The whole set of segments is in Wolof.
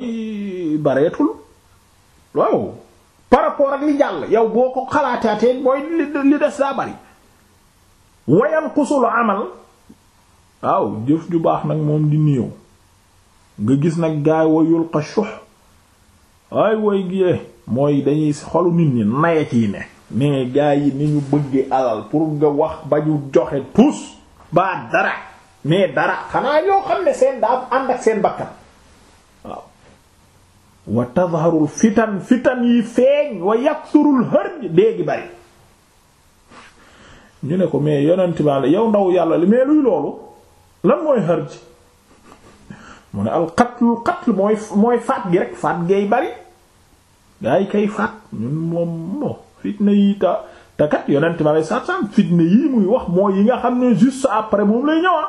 bareetul waaw par ak li jàll yow boo ko xalaataatee mooy li des daa bari wayal xusul amal waaw jëf ju baax nag moom di néew nga gis nag gaay wayul ka sux ay way giyee eh, mooy dañuy xolu nit ñi naye ci ne mais gaa yi ni ñu bëggee alal pour nga wax ba ñu joxe tous ba dara mais dara xanaa yoo xam ne seen daa ànd ak seen bakkan wa tadharul fitan fitan yi feeñ wa yakturul hërj déegi bari ñu ne ko mais yonent bi ale yow ndaw yàlla li mais luy loolu lan mooy hërj mu ne al qatlul qatl mooy mooy faat gi rek faat geey bari gaa yi kay faat ñun moom moo fitna yi ta te kat yonent bi ale saat saam fitna yii muy wax mooy yi nga xam ne juste après moom lay ñëwa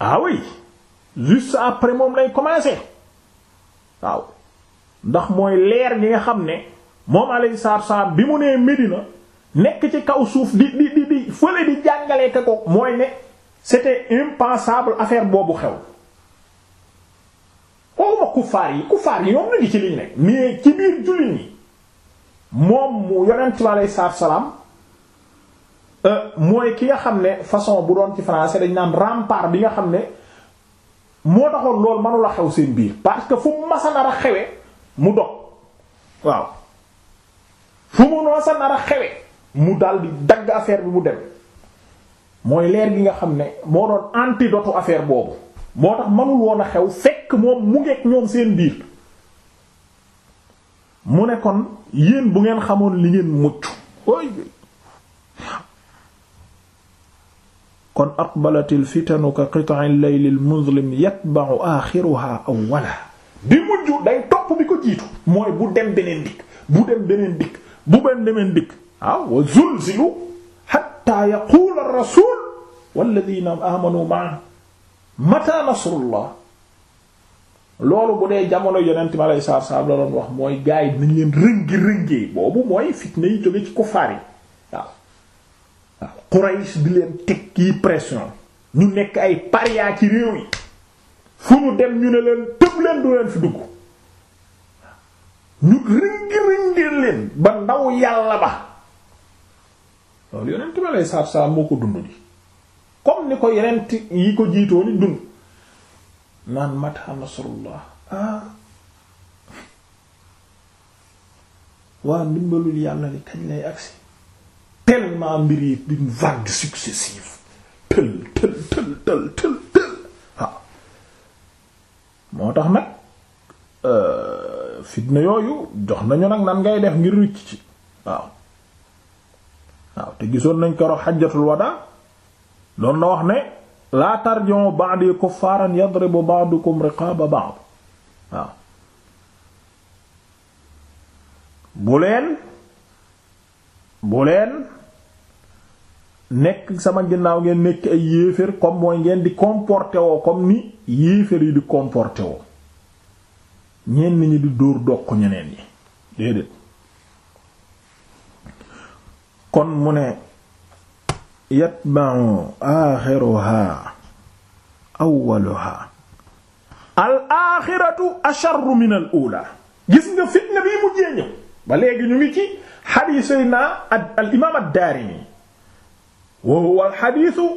ah oui après moom lay commencer waaw ndax mooy leer gi nga xam ne moom alayhi salaam bi mu nee Medina nekk ci kaw suuf di di di di fële di jàngalee ko mooy ne c'était impensable affaire boobu xew xawma kuffaar yi kuffaar yi ñoom ngi ci liñ nekk mais ci biir jullit ñi moom mu yonent bi alayhi salaatu salaam euh, mooy ki nga xam ne façon bu doon ci français dañ naan rempart bi nga xam ne moo taxoon loolu mënula xew seen biir parce que fu mu masa nar a xewe mu dog waaw fu mu masa a xewe mu dal di dagg affaire bi mu dem mooy leer gi nga xam ne moo doon antidote affaire boobu moo tax mënul woon a xew fekk moom mu ngeek ñoom seen biir mu ne yéen bu ngeen xamoon li ngeen mucc kon aqbalat al fitanu ka qit'i al-layl al-muzlim yatba'u axiruha awwalaha bi mujj day topp bi ko jiitu mooy bu dem beneen dikk bu dem beneen dikk bu ben demeen dikk waaw wa zulzilu hatta yaqula ar-rasul walladhina amanu ma'a mata nasrullah loolu bu dee jamono yonent ma lay saar saar la doon wax mooy gaay nañ leen rëngi rëngee boobu mooy fitna yi jóge ci kuffaar yi Quraysh di leen teg kii pression ñu nekk ay paria ci réew yi fu ñu dem ñu ne leen tëb leen du leen fi dugg ñu ringi ringi leen ba ndaw yàlla ba loolu yonent ma lay saab saab moo ko dund di comme ni ko yeneen yonent yi ko jiitoo ni dund naan mata nasrullah ah waa ndimbalul yàlla li kañ lay agsi tellement mbir yi d'une vague successive tël tël tël tël tël tël waaw moo tax nag euh, fitna yooyu jox nañu nag nan ngay def ngir ricc ci waaw waaw te gisoon nañ ko rox xajjatul wadaa doon na wax ne laa tarjon ba'di kuffaaran yadribu ba'dukum riqaaba ba'd waaw bu leen bu leen nekk sama ginnaaw ngeen nekk ay yéeféer comme mooy ngeen di comporté woo comme ni yéeféer yi di comporté woo ñenn ñi di dóor doq ñeneen ñi déedéet kon mu ne yatba'u axiruha awwaluha al axiratu acharru min al gis nga fitna bi mujjee ñëw ba léegi ñu ngi ci xadiis naa al imaam ad wa huwa al xadiisu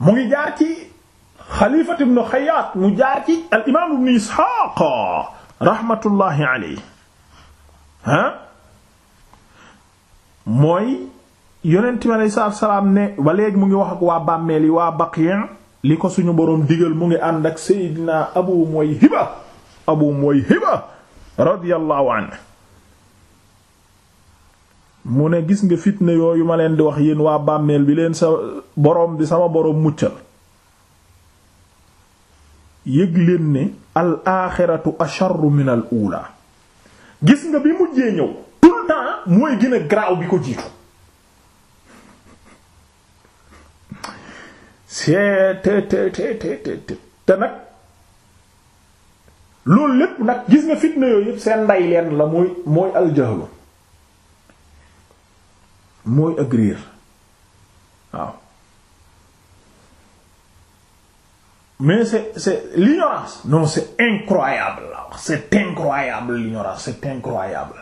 mu ngi jaar ci xaliifat ibnu xayaat mu jaar ci al imaam ibnu isxaaq raxmatullaahi alayhi ah mooy yonent mi alayhi salaatu salaam ne ba léegi mu ngi wax ak waa bàmmeel yi waa baqiya li ko suñu boroom digal mu ngi ànd ak seydina abu muwayhiba abu muwayhiba radiyallahu anhu mu ne gis nga fitna yooyu ma leen di wax yéen waa bàmmeel bi leen sa boroom bi sama boroom muccal yëg leen ne al aaxiratu asharru min al uula gis nga bi mujjee ñëw tout le temps mooy gën a garaaw bi ko jiitu c'est te te te te te nag loolu lépp nag gis nga fitna yooyu yépp seen nday leen la mooy mooy al mooy ak réer waaw mais c'est l'ignorance non c'est incroyable la wax c'est incroyable l'ignorance c'est incroyable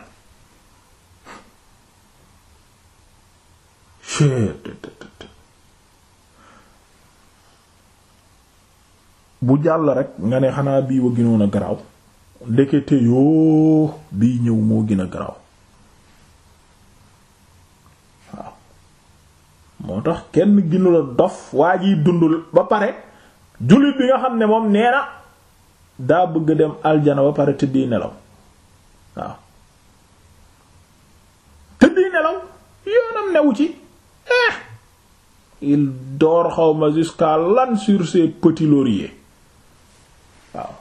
bu jàll rek nga ne xanaa bii wa gënoon a garaaw ndekete yoo bii ñëw moo gën a garaaw moo tax kenn ginu la dof waa jiy dund ba pare jullit bi nga xam ne moom nee na daa bëgg a dem aljana ba pare tëddii nelaw waaw tëddii nelaw yoonam newu ci eh il dort xawma jusqu'à lan sur ses petits lauriers waaw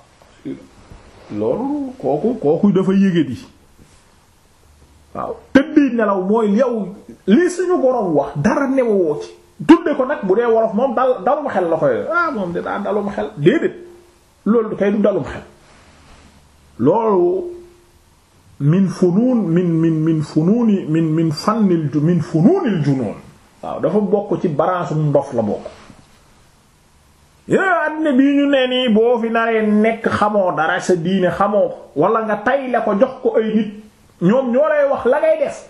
loolu kooku kooku dafa yége di waaw tëddi nelaw mooy yow lii suñu borom wax dara new ci tudde ko nag bu dee wolof moom dal dalum xel la koy ah, dafa bokk ci branche ndox la bokk yé àddina bii ñu nee nii boo fi naree nekk xamoo dara sa diine xamoo ko wala nga tay la ko jox ko ay nit ñoom ñoo lay wax la ngay def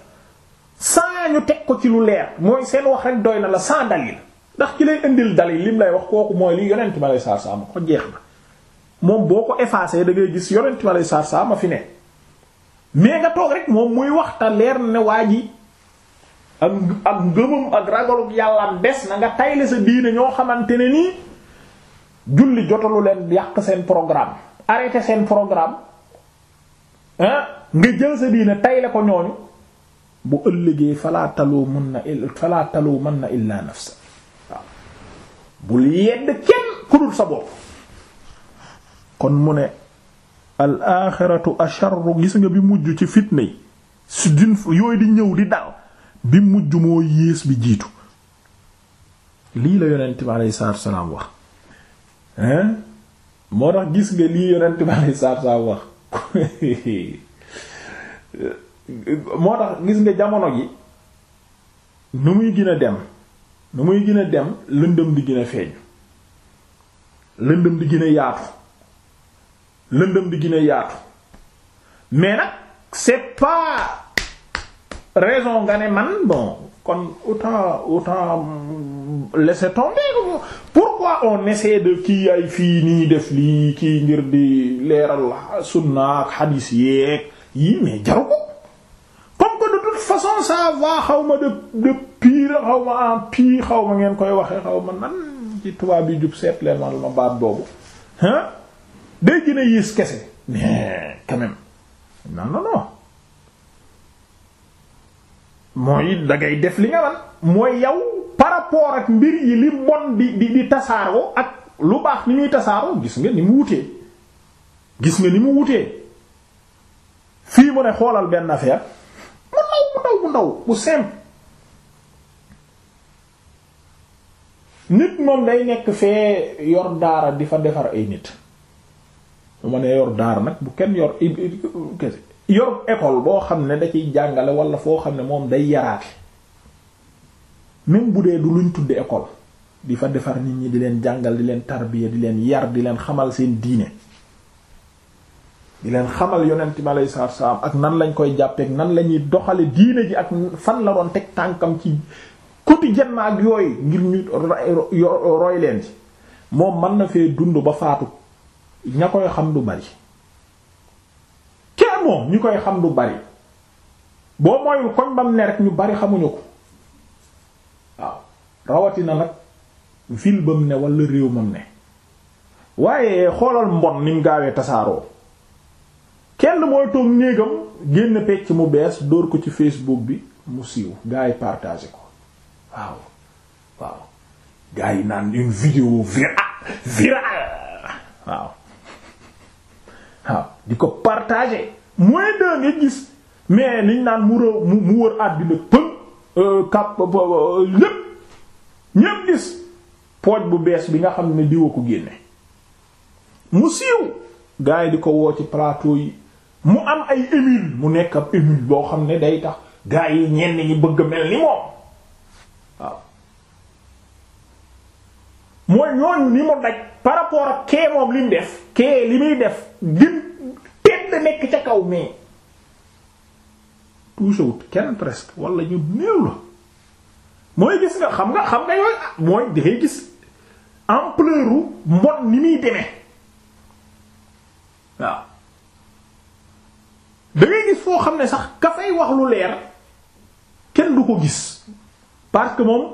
sans ñu teg ko ci lu leer mooy seen wax rek doy na la sans dalil ndax ci lay indil dalil lim lay wax kooku mooy lii yonent ma lay saar saama ko jeex na moom boo ko effacé da ngay gis yonent ma lay saar saama fi ne mais nga toog rek moom muy waxta leer na ne waa ji ak ak ngëmam ak ragaluk yàllaam des na nga tayle sa diine ñoo xamante ne nii julli jotalu leen yàq seen programme arrêté seen programme hein nga jël sa diine tay la ko ñooñu bu ëllëgee falaa mën na il falaa taloo illaa nafsa bul yedd kenn ku sa bopp kon mu ne al aaxiratu gis nga bi mujj ci fitna yi su din yooyu di ñëw di dal bi mujj moo yées bi jiitu lii la yonent bi aleyhi salaatu salaam wax hein gis nga lii yonent bi aleyhi salaatu wax moo tax gis nga jamono ji nu muy gën dem nu muy gën dem lëndëm di gën a lëndëm di gën a yaatu lëndëm di gën a yaatu mais nag c'est pas raison nga ne man bon kon autant autant laisser tomber pourquoi on essaie de kii ay fii ni def lii kii ngir di leeral sunna ak hadis yii mais jaru ko comme que de toute façon ça va xaw ma de de pire xaw ma en pire xaw ma ngeen koy waxee xaw ma nan ci tubaab bi jub seet leen wàllu ma baat boobu ah day gën a yées kese mais quand même non non non dangay def li nga man mooy yow par rapport ak mbir yi li bon di di di tasaaroo ak lu baax ni ñuy tasaaroo gis nga ni mu wutee gis nga ni mu wutee. fii mu ne xoolal benn affaire mu ndaw mu ndaw bu simple nit moom day nekk fee yor daara di fa defar ay nit bu ma nee yor daara nag bu kenn yor yor école boo xam ne da ciy jàngale wala foo xam ne moom day yaraate même bu dee du luñ tudde école di fa defar nit ñi di leen jàngal di leen tarbiya di leen yar di leen xamal seen diine di leen xamal yonent bi alayhi salaatu salaam ak nan lañ koy jàppeek nan lañuy ñuy doxale diine ji ak fan la doon teg tànkam ci quotidiennement ak yooyu ngir ñu roy leen ci moom mën na fee dund ba faatu ña koy xam du bari kee moom ñu koy xam du bari boo mooyul koñ bam ne rek ñu bari xamuñu ko waaw rawatina nag ville bam ne wala réew mam ne waaye xoolal mbon ni mu gaawee tasaaroo kenn mooy toog néegam génn pecc mu bees dóor ko ci Facebook bi mu siiw gars yi ko waaw waaw gars yi naan une vidéo virale virale waaw waaw di ko partagé moins de gis mais liñ naan mu rëw mu wër àddina pëg kap lépp gis pooj bu bees bi nga xam ne diwa ko génne mu siiw gars di ko woo ci plateau yi mu am ay émule mu nekk ab émule boo xam ne day tax gaa yi ñenn ñi bëgg mel ni moom waaw mooy ñooñ ni mu daj par rapport ak kee moom li def kee li muy def gën tedd nekk ca kaw mais tuusawut kenn presque wala ñu néew la mooy gis nga xam nga xam nga yooyu ah, mooy dangay gis ampleur mbon ni muy deme waaw da ngay gis foo xam ne sax ka fay wax lu leer kenn du ko gis parce que moom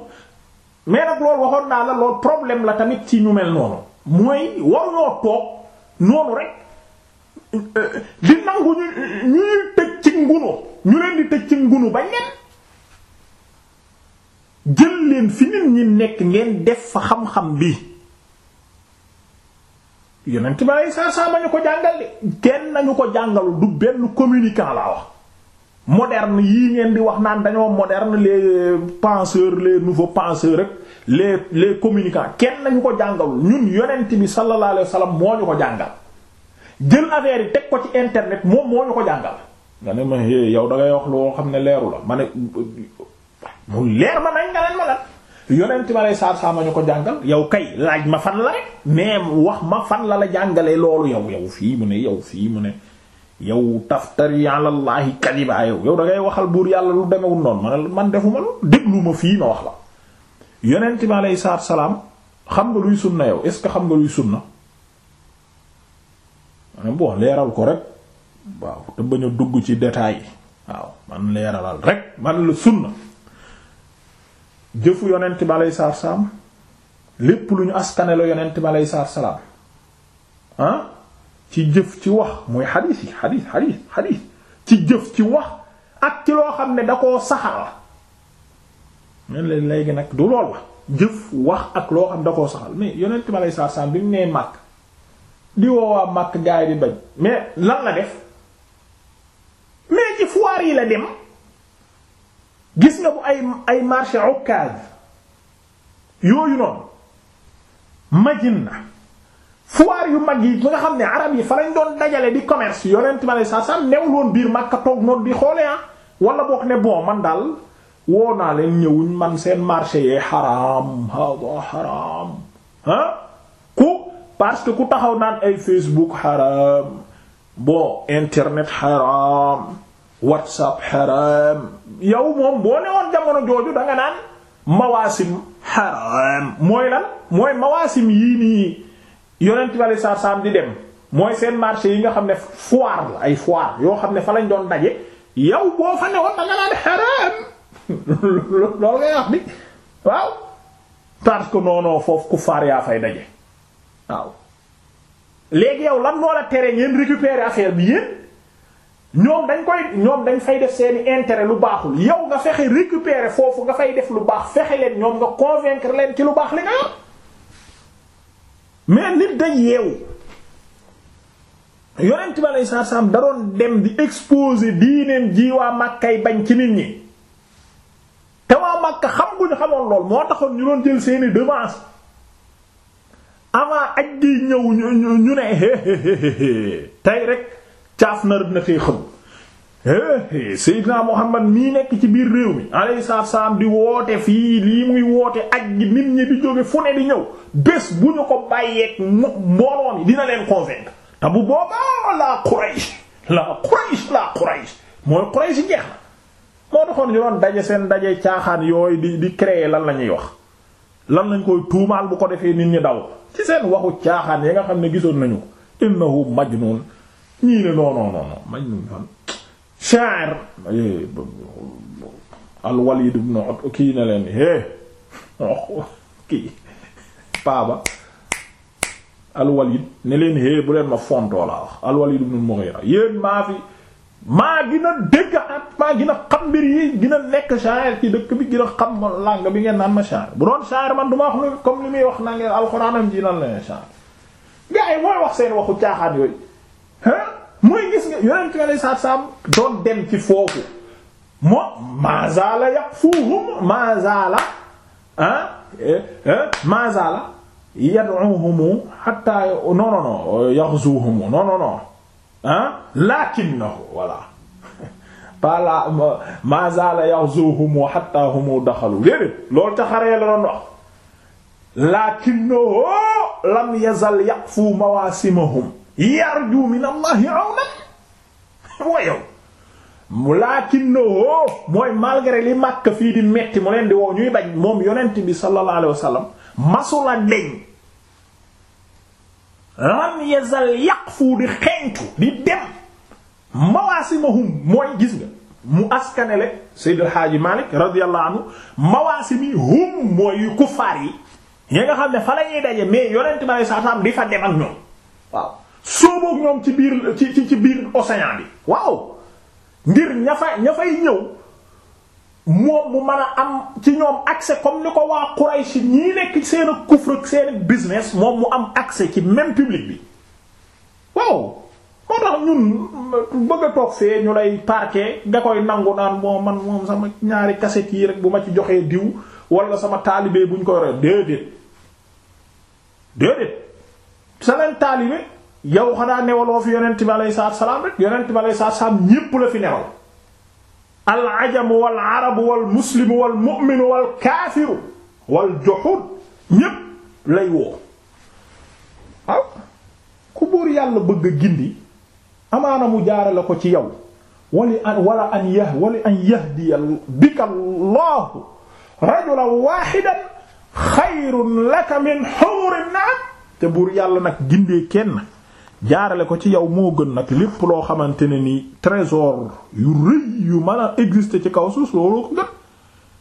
mais nag loolu waxoon naa la loolu problème la tamit ci ñu mel noonu mooy waruñoo toog noonu rek di nangu ñu ñu tëj ci ngunu ñu leen di tëj ci ngunu bañ leen jël leen fi nit ñi nekk ngeen def fa xam-xam bi yonent bi sa salaatu salaam ñu ko jàngal de kenn nañu ko jàngalu du benn communican laa wax moderne yii ngeen di wax naan dañoo moderne les penseurs les nouveaux penseurs rek les les communicants kenn nañu ko jàngalul ñun yonent bi sallallahu alayhi wa sallam moo ñu ko jàngal jël affaire yi teg ko ci internet moom moo ñu ko jàngal nga ne ma yow da ngay wax loo xam ne leeru la ma ne mu leer ma nañ nga leen ma lan yonent ma lay saar saama ñu ko jàngal yow kay laaj ma fan la rek mais wax ma fan la la jàngalee loolu yow yow fii mu ne yow fii mu ne yow taftari ala llahi kadiba yow yow da waxal buur yàlla lu demewul noonu man man defuma loolu déglu fii ma wax la yonent ma lay saar salaam xam nga luy sunna yow est ce que xam nga luy sunna bon leeral ko rek waaw te bañ dugg ci détail waaw man leeralal rek man lu sunna jëfu yonent bi aleyhi salaatu salaam lépp lu ñu askane la yonent bi aleyhi salaatu salaam ah ci jëf ci wax muy xadiis yi xadiis xadiis xadiis ci jëf ci wax ak ci loo xam ne da koo saxal men leen léegi nag du lool la wax ak loo da koo saxal mais yonent bi aleyhi salaatu salaam bi mu nee màkk di woowaa màkk gaay di bañ mais lan la def mais ci foire yi la dem gis nga ko ay ay marché occas yooyu noonu Madina foire yu mag yi nga xam ne arab yi fa lañ doon dajale di commerce yonent ma lay sànni newul woon biir Makka toog noonu di xoolee ah wala boog ne bon man daal woo naa leen ñëwuñ man seen marché yee xaraam hada xaraam ah ku parce que ku taxaw naan ay Facebook xaraam bon internet xaraam. whatsapp xaram yow moom boo ne woon jamono jooju da nga naan mawaasim xaram mooy lan mooy mawaasim yii nii yonent bale saa di dem mooy seen marché yi nga xam ne foire ay foire yoo xam ne fa lañ doon daje yow boo fa ne woon da naan xaram loolu ngay wax bi waaw parce que noonoo foofu ku yaa fay daje waaw léegi yow lan moo la tere ngeen récupérer affaire bi yéen ñoom dañ koy ñoom dañ fay def seeni intérêt lu baaxul yow nga fexe récupérer foofu nga fay def lu baax fexe leen ñoom nga convaincre leen ki lu baax li nga mais nit day yeewu yonent bi aleyhi salaatu salaam da doon dem di exposer diineem ji waa Màkkay bañ ci nit ñi te waa Màkka xam guñu xamoon lool moo taxoon ñu doon jël seeni devance avant aj gi ñëw ñu ñu ne tey rek caaf narab na fee xëm é Seydina Muhammad nekk ci biir réew mi alayhi salaam di woote fii lii muy woote ak gi nit ñi di jóge fu ne di ñëw bés bu ñu ko bàyyeeg mbooloo mi dina leen convaincre te bu boobaa la Quraysh la Quraysh la Quraysh mooy Quraysh jeex na moo taxoon ñu doon daje seen daje caaxaan yooyu di di créer lan la ñuy wax lan lañ koy tuumaal bu ko defee nit ñi daw ci seen waxu caaxaan yi nga xam ne gisoon nañu innahu majnun ñii ne non non non mañ nuñ fan shaar al Walid ibn Utba kii ne kii ne leen é bu leen ma fontoo laa wax al Walid ibn Mughira yéen maa fi maa gën a at maa gën xam mbir yi dina nekk shaar ci dëkk bi gën a xam làng bi ngeen naan ma shaar bu doon shaar man du ma wax comme li muy wax naa ngeen alxuraanam ji la ne shaar gaa mooy wax seen waxu caaxaan yooyu mooy gis nga yonent nga lay saab saab doon dem ci foofu moom maazala yaqfuhum maazala ah eh, eh, maazala yad'uhum hatta non non non yaghzuhum non non non ah lakinnahu voilà pas la maazala yaghzuhum hatta hum daxalu léegi loolu ca xaree la doon wax lakinnahu lam yazal yaqfu mawasimahum yarju min allahi awnan wa yow lakinnahu mooy malgré li Makka fii di metti mu leen di wow ñuy bañ moom yonent bi sallallahu alayhi wa masula deñ lam yazal yaqfu di xeeñtu di dem mawaasimahum mooy gis nga mu askanele Seydou El Hadji Malick radiyallahu anhu mawaasimi hum mooy kuffaar yi ya nga xam ne fa la ñuy daje mais yonent bi sallallahu alayhi di fa dem ñoom waaw sóoboog ñoom ci biir ci ci biir océan bi waaw ngir ña fa ña fay ñëw moom mu mën a am ci ñoom accès comme ni ko waa Quraysh ñii nekk seen ak kufr ak seen business moom mu am accès ci même public bi waaw moo tax ñun bëgg a toog fee ñu lay parquer nga koy nangu naan moo man moom sama ñaari cassette yi rek bu ma ci joxee diw wala sama taalibe buñ ko re déedéet déedéet sa leen yow xanaa newaloo fi yonent bi alayhi salaatu salaam rek yonent bi alayhi salaam ñépp la fi newal al ajamu wal arabu wal muslimu wal mu'minu wal kaafiru wal juhud ñépp lay woo aw buur yàlla bëgg gindi amaana mu jaarale ko ci yow wali an wala bika allahu rajulan waahidan xayrun laka min humurin na'am te buur yàlla nag gindee kenn jaarale ko ci yow moo gën nag lépp loo xamante ne ni trésor yu rëy yu a exister ci kaw suuf looloo ko gën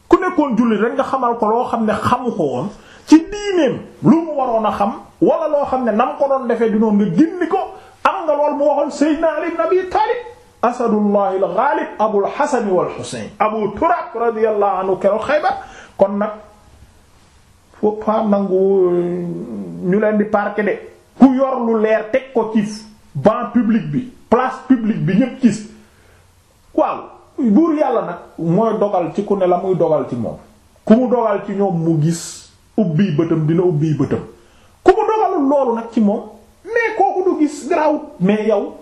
ku nekkoon jullit rek nga xamal ko loo xam ne xamu ko woon ci diineem lu mu waroon a xam wala loo xam ne nam ko doon defee di noon nga gindi ko am nga lool mu waxoon Seydina Ali ibn Abi Talib asadullahi al-ghalib Abul Hasan wal Husayn Abu Turab radiyallahu anhu keroog Xaybar kon nag faut nangu euh, ñu leen di parquer de ku yor lu leer teg ko ci banc public bi place publique bi ñépp gis waaw buur yàlla nag mooy dogal ci ku ne la muy dogal ci moom ku mu dogal ci ñoom mu gis ubbi bëtam dina ubbi bëtam ku mu dogalul loolu nag ci moom mais kooku du gis garaawut mais yow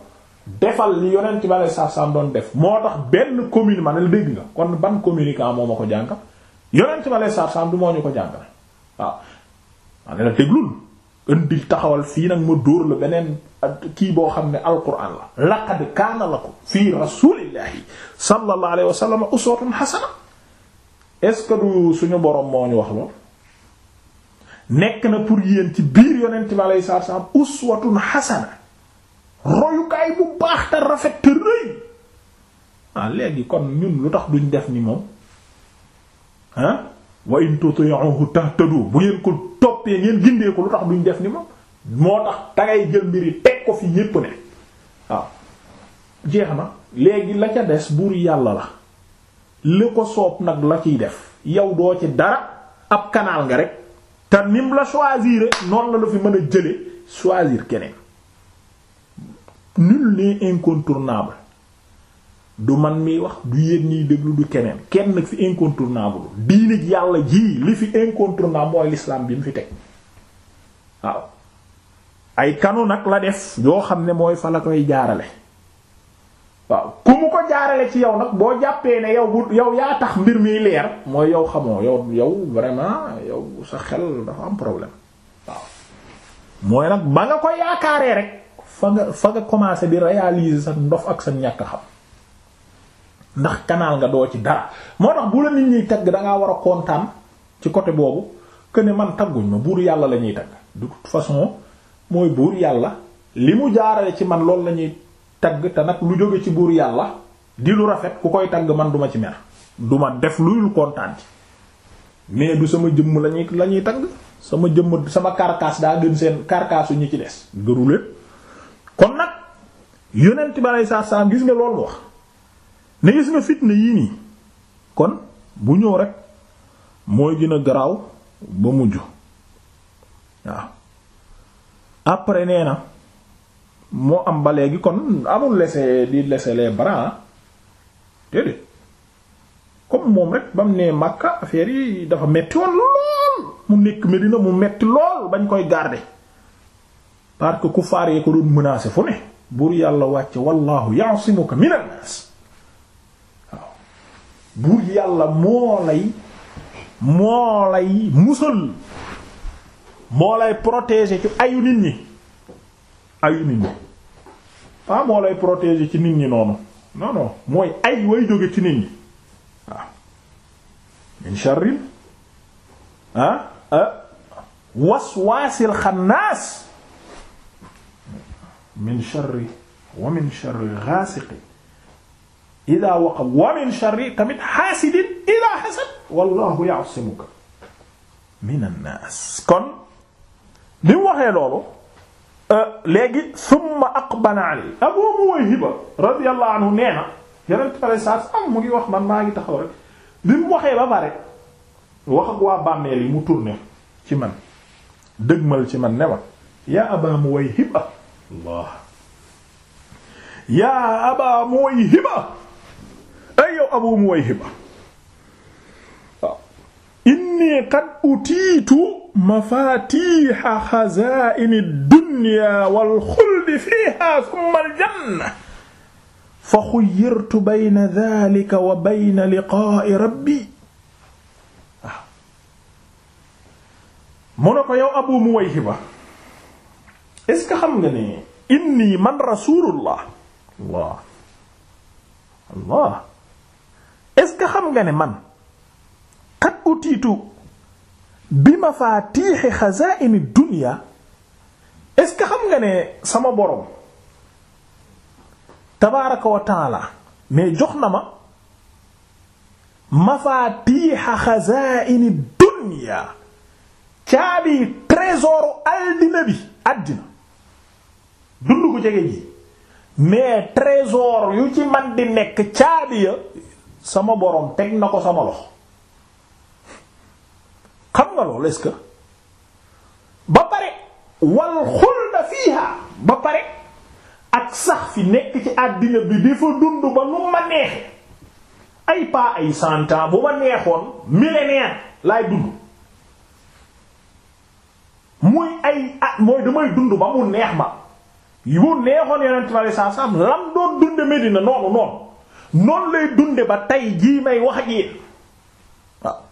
defal li yonent bale saab-saab doon def moo tax benn commune ma ne dégg nga kon ban communicant moo ma ko jàngal yonent bale saab-saab du moo ñu ko jàngal waaw ma ne la déglul ëndil taxawal fii nag ma dóor la beneen kii boo xam ne alquran la laqad kaana lakum fii rasulillahi sallallahu alayhi wa ce que suñu boroom moo ñu wax lool nekk na pour yéen ci biir yonent bi alayhi salaatu salaam uswatun hasana royukaay bu baax te rafet te rëy ah, léegi kon ñun lu tax duñ def nii moom ah wa in tuti'uhu tahtadu bu ngeen toppee ngeen gindee ko lu tax duñ def ni ma moo tax dangay jël mbiri teg ko fi ñépp ne waaw jeex na léegi la ca des buur yàlla la li ko soob nag la ciy def yow doo ci dara ab kanaal nga rek te nim la choisir noonu la la fi mën a jële choisir keneen nul n'est incontournable du man mi wax du yéen ñiy déglu du keneen kenn nag fi incontournable diine ji yàlla ji li fi incontournable mooy l'islam bi mu fi teg waaw ay kanu nag la def yoo xam ne mooy fa la koy jaarale waaw ku mu ko jaarale ci yow nag boo jàppee ne yow bu yow yaa tax mbir mi leer mooy yow xamoo yow yow vraiment yow sa xel dafa am problème waaw mooy nag ba nga ko yaakaaree rek fa nga fa nga commencer di réaliser sa ndof ak sa ñàkk xam ndax kanaal nga doo ci dara moo tax bu la nit ñiy tagg dangaa war a kontaan ci côté boobu que ne man tagguñ ma buur yàlla la ñuy tagg de toute façon mooy buur yàlla li mu jaarale ci man loolu lañuy ñuy tagg te nag lu jóge ci buur yàlla di lu rafet ku koy tagg man duma ci mer duma def lu kontaan ci mais du sama jëmm lañuy la ñuy tagg sama jëmm sama karkaas daa gën seen karkaasu ñi ci des gëruleen kon nag yonent bi aleyhi salaam gis nga loolu wax ne gis na fitna yii nii kon bu ñëw rek mooy gën garaaw ba mujj waaw après nee na moo am ba léegi kon amul laisser di laisser les bras ah. déedéet comme moom rek ba mu nee Makka affaire yi dafa metti woon lool mu nekk Medina mu metti lool bañ koy garde parce que ku faaree ko doon menacer fu ne. buur yàlla wàcce wallahu ya'simuka minan nas buur yàlla moo lay moo lay musal moo lay protéger ci ayu nit ñi ayu nit ñi pas moo lay protéger ci nit ñi noonu non mooy ay way jóge ci nit ñi waaw min sharril ah, ah waswaasil xannaas min sharri wa min sharri gaasiqi ida waqa wa min sharri tamit xaasidin ida xasad wallahu ya'simuka min an-nas kon bi mu waxee loolu euh, léegi summa aqbala aley abu muwayhiba radiyallahu anhu nee na yenent alei sat am mu ngi wax man maa ngi taxaw rek bi mu waxee ba pare wax ak waa bàmmeel yi mu tourné ci man dëgmal ci man ne ma yaa aba muwayhiba allah yaa aba muwayhiba ay yow Abu Muwayhiba waaw inni qad utiitu mafaatiiha xazaa'ini dunya wal xuldi fiiha summa al janna fa xuyyirtu bayna daalika wa bayna liqaa'i rabbi waaw mu ne ko yow Abu Muwayhiba est-ce que xam nga ne inni man rasuulullah Allah Allah est-ce que xam nga ne man xat utiitu bi ma xazaa'ini dunya est-ce que xam nga ne sama borom tabaaraka wa taala mais jox na ma mafaatiixa xazaa'ini dunya caabi trésor aldina bi àddina dund ko jege ji mais trésor yu ci man di nekk caabi ya sama borom teg na ko sama loxo xam nga loolu est-ce que ba pare wal xulda fiiha ba pare ak sax fi nekk ci àddina bi di dafa dund ba nu ma neexe ay pas ay santa bu ma neexoon millénaire laay dund muy ay at ah, mooy damay dund ba mu neex ma yu neexoon yeneen traçage am lam doon dund Medina noonu noonu. noonu lay dunde ba tey jii may wax ak yéen waaw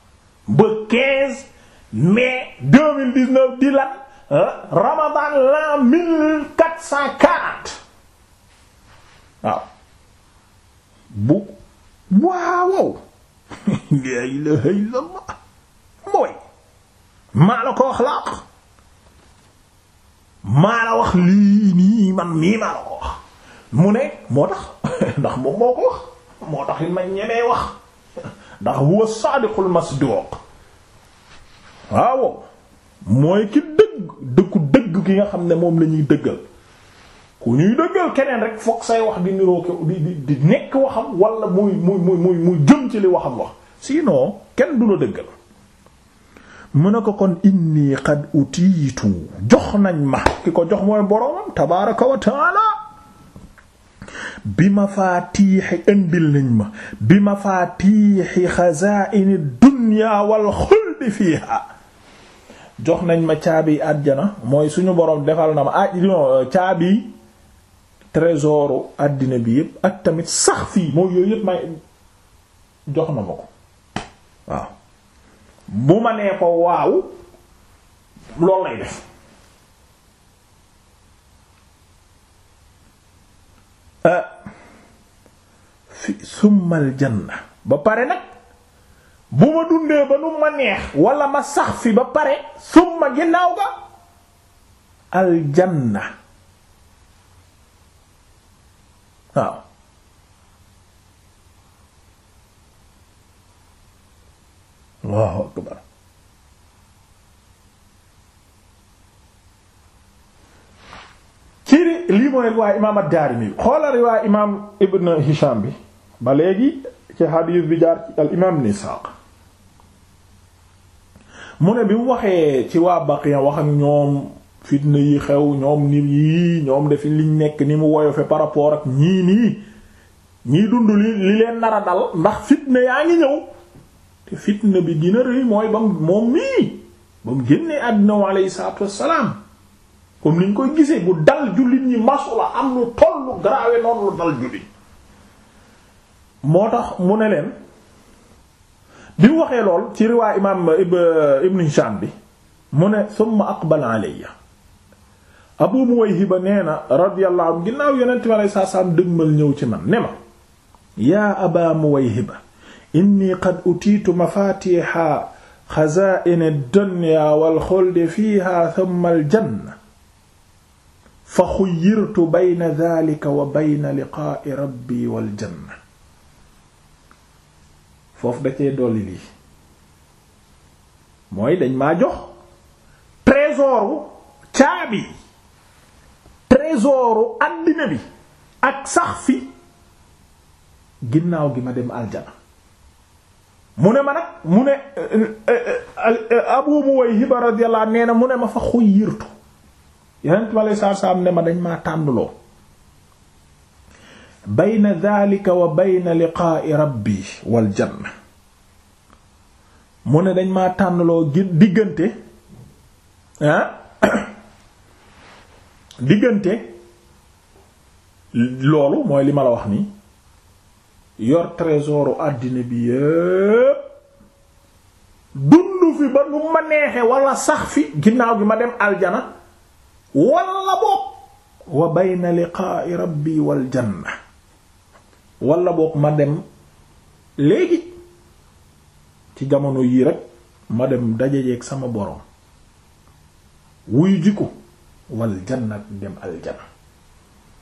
ba 15 mai 2019 di lan ramadan l'an 1440 waaw bu waawow la ilaha illallah mooy maa la ko wax laa wax maa la wax lii nii man mii maa la ko wax mu ne moo tax ndax moom moo ko wax moo tax it ma ñemee wax ndax huwa saadiqul masduq waaw mooy ki dëgg dëkku dëgg ki nga xam ne moom la ñuy dëggal ku ñuy dëggal keneen rek foog say wax di niroo di di nekk waxam walla muy muy muy muy jëm ci li waxam wax noo kenn du la dëggal mu ne ko kon inni qad utiitu jox nañ ma ki ko jox mooy boroomam tabaaraka wa taala bi mafaatiixi indil nañ ma bi mafaatiixi xazaa'ini dunya wal xuldi fiiha jox nañ ma caabi àjjana mooy suñu boroom defal na ma ah caabi trésoru àddina bi yépp ak tamit sax fii mooy yooyu yépp may jox na ma ko waaw bu ma nee ko waaw loolu lay def Ah. fi summal janna ba pare nag bu ma dundee ba nu ma neex wala ma sax fi ba pare summa ginnaaw ga aljanna waaw Allahu akbar ci lii mooy riwaay imaam ad-Daarimi xoolal riwaay imaam Ibn Hisham bi ba léegi ci xadiis bi jaar ci al imaam Ibn Isaaq mu ne bi mu waxee ci waa Baqiya wax ak ñoom fitna yi xew ñoom nit yi ñoom dafi liñ nekk ni mu woyofe par rapport ak ñii nii ñii dund li li leen nar dal ndax fitna yaa ngi ñëw te fitna bi gën a mooy ba moom mii ba mu génnee àddina wa aleyhi salaatu wassalaam comme niñ koy gisee gu dal jullit ñi masula am lu tollu grave noonu lu dal jullit moo tax mu ne leen bi mu waxee lool ci riwaa imaam ibn Hisham bi mu ne summa aqbal alayya Abu Muwayhiba nee na radiyallahu anhu ginnaaw yonent bi alayhi salaam dëgmal ñëw ci man ne ma yaa Aba Muwayhiba inni qad utiitu mafaatiha xazaa'ini ad-dunya wal xuldi fiiha thumma al-janna fa xuyyirtu bayna daalika wa bayna liqaa'i rabbi wal janna foofu da cee dolli lii mooy dañ maa jox trésoru caabi trésoru àddina bi ak sax fi ginnaaw gi ma dem aljana mu ne ma nag mu ne euh, euh, euh, Abu Muwayhiba radiyallahu nee na mu ne ma fa xuyyirtu yeneen ma lay saar saam ne ma dañ maa tànnloo bayna dhalika wa bayna liqaa'i rabbi wal janna mu ne dañ maa tànnloo diggante ah diggante loolu mooy li ma la wax nii yor trésoru àddina bi yépp dund fi ba nu ma neexe wala sax fi ginnaaw bi ma dem aljana walla boog wa bayna liqaa'i rabbi wal janna walla boog ma dem léegi ci jamono yii rek ma dem dajejeeg sama borom wuy ji ko wal dem aljanna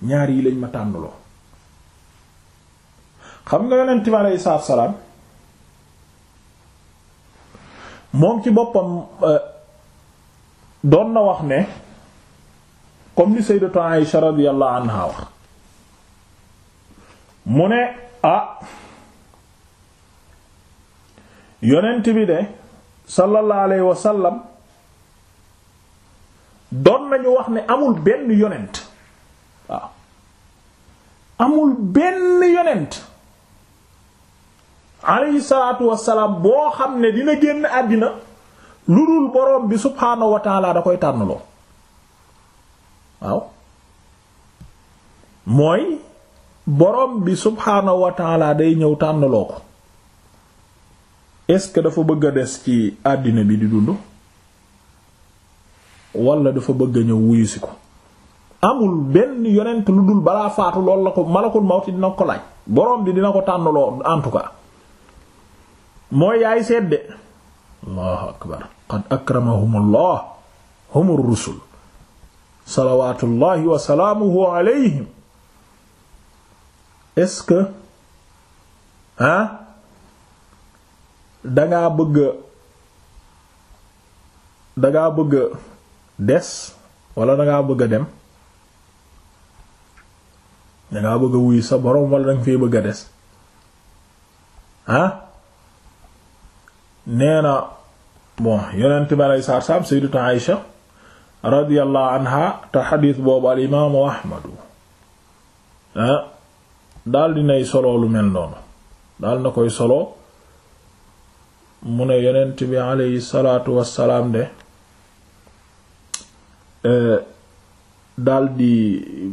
ñaar yi lañ ma tànnloo xam nga yonent bi aleyhi salaatu salaam moom ci boppam euh, doon na wax ne comme li sayyidatu Aïsha radiyallahu anha wax mu ne ah yonent bi de sallallahu alayhi doon nañu wax ne amul benn yonent waaw amul benn yonent alayhi salaatu wassalaam boo xam ne dina génn àddina lu dul boroom bi subhaanahu wa taala da koy tànnaloo waaw mooy borom bi subhaanahu wa taala day ñëw tànnaloo ko est-ce que dafa bëgg a des ci àddina bi di dund wala dafa bëgg a ñëw wuyu si ko amul benn yonent lu dul balaa faatu loolu la ko malakul mawti dina ko laaj borom bi dina ko tànnaloo en tout cas mooy yaay sedde allahu akbar qad akramahumullah humur rusul salawaatullahi wa salaamuhu alayhim est-ce que ah dangaa bëgg dangaa bëgg des wala dangaa bëgg dem dangaa bëgg wuy sa boroom wala danga fee bëgg a des ah nee na bon yonent bi aleyhi salaatu wa salaam sayyidatu Aïsha radiyallahu anha te xadiis boobu al ahmadu ah daal dinay solo lu mel noonu daal na koy solo mu ne yonent bi aleyhi salaatu salaam de eh, daldi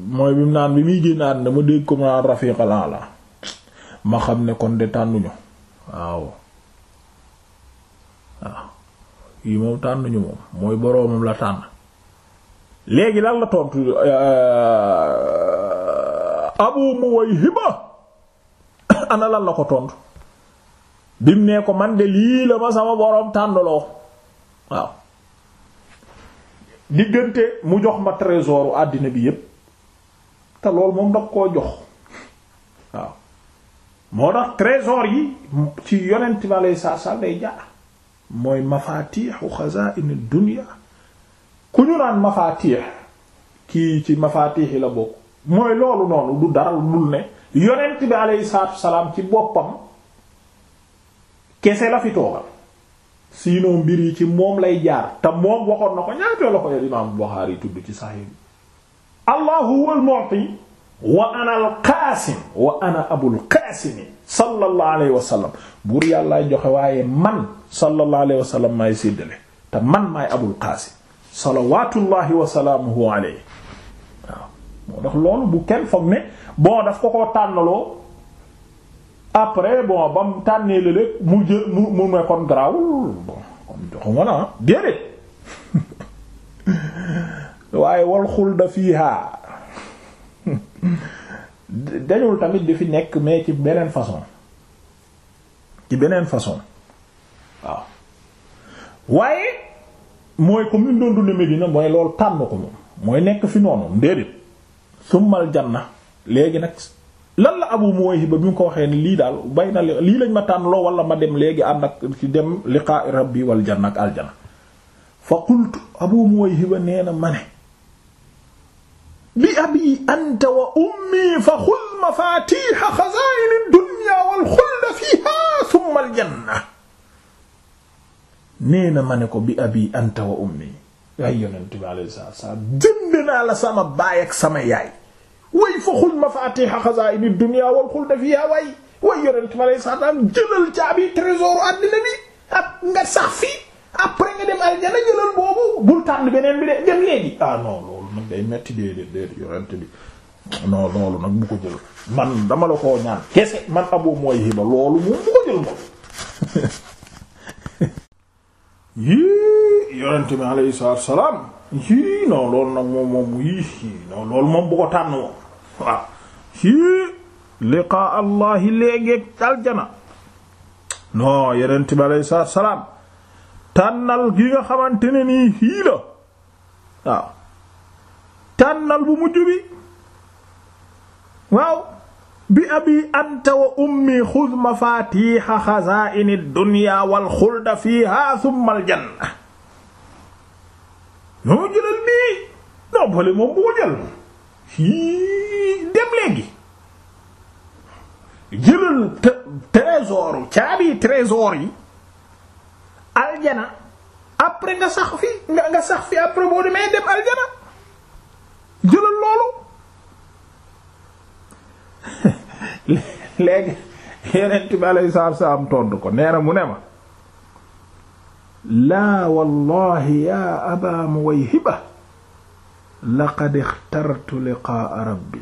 mooy bi mu naan bi muy génn àddina mu dégg ko mu naan rafiqal ma xam ne kon de tànnuñu waaw waaw yi moom tànnuñu moom mooy boroomam la tànn léegi lan la tontu euh, euh, Abu Muwayhiba ana lan la ko tontu bi mu nee ko man de lii la ma sama boroom tàndaloo waaw diggante mu jox ma trésoru àddina bi yépp te loolu moom da koo jox waaw moo tax trésor yi ci yonent bi alayhi salaatu salaam mooy mafaatiixu xazaa'ini dunya ku ñu naan mafaatix kii ci mafaatix la bokk mooy loolu noonu du dara dul ne yonent bi aleyhi salaatu salaam ci boppam kese la fi toogal sinon mbir yi ci moom lay jaar te moom waxoon na ko ñaatee la ko yar imaam Buxaari wa ana al-qaasim wa ana abul qaasimi sallallahu alayhi wa buur yàllaay joxe waaye man sallallahu alayhi wa sallam maay séddale te man maay abul qaasim salawaatullahi wa salaamuhu alayhi waaw moo tax loolu bu kenn foog ne bon daf ko koo tànnaloo après bon ba mu tànnee la mu jël mu mu ne kon garaawul kon joxuma la ah, déedéet waaye wal xulda fiihaa dañul tamit di fi nekk mais ci beneen façon ci beneen façon waaw waaye mooy comme ni doon dund Medina mooy loolu tànn ko moom mooy nekk fi noonu déedéet summal janna léegi nag lan la Abu Muwayhiba bi mu ko waxee ni lii daal bay na lii lañ ma tànn loo wala ma dem léegi ànd ak ci dem liqaa'i rabbi wal janna ak aljana fa qultu Abu Muwayhiba nee na ma ne bi abi anta wa ummi fa xuz mafaatiha xazaa'ini dunya wal xuld fiha summal janna nee na ma ne ko bi abi anta ummi ay yonent bi alayhi salaatu salaam jënd naa la sama baay ak sama yaay way fa xul mafaatiha xazaa'ini dunya wal xulda fiha way way yonent bi alayhi salaatu salaam bi ak sax fii après nga dem aljana jëlal boobu bul tànn beneen bi de dem léegi ah non loolu nag day metti déedéet déedéet yonent bi non loolu nag bu ko jël man dama la koo ñaan kese man Abu Muwayhiba loolu moom bu ko jël moom yii yonent bi alayhi salaatu salaam yii non loolu nag moom moom yii non loolu moom bu ko tànn moom yii liqaa allahi léegi aljana non yonent bi alayhi salaatu salaam gi nga xamante ne nii yii la waaw bu mujj bi waaw bi abi anta wa ummi xud mafatiha xazaini dunya wal xulda fiha thumma al janna ñoo jëlal nii non bale moom bu ko jël dem léegi jëlal trésor caabi trésor yi aljana après nga sax fi nga sax après boo demee dem aljana jëlal loolu léegi yeneen bi aleyhi salaatu salaam tontu ko nee mu ne ma laa wallahi ya aba muwayhiba laqad ixtartu liqaa rabbi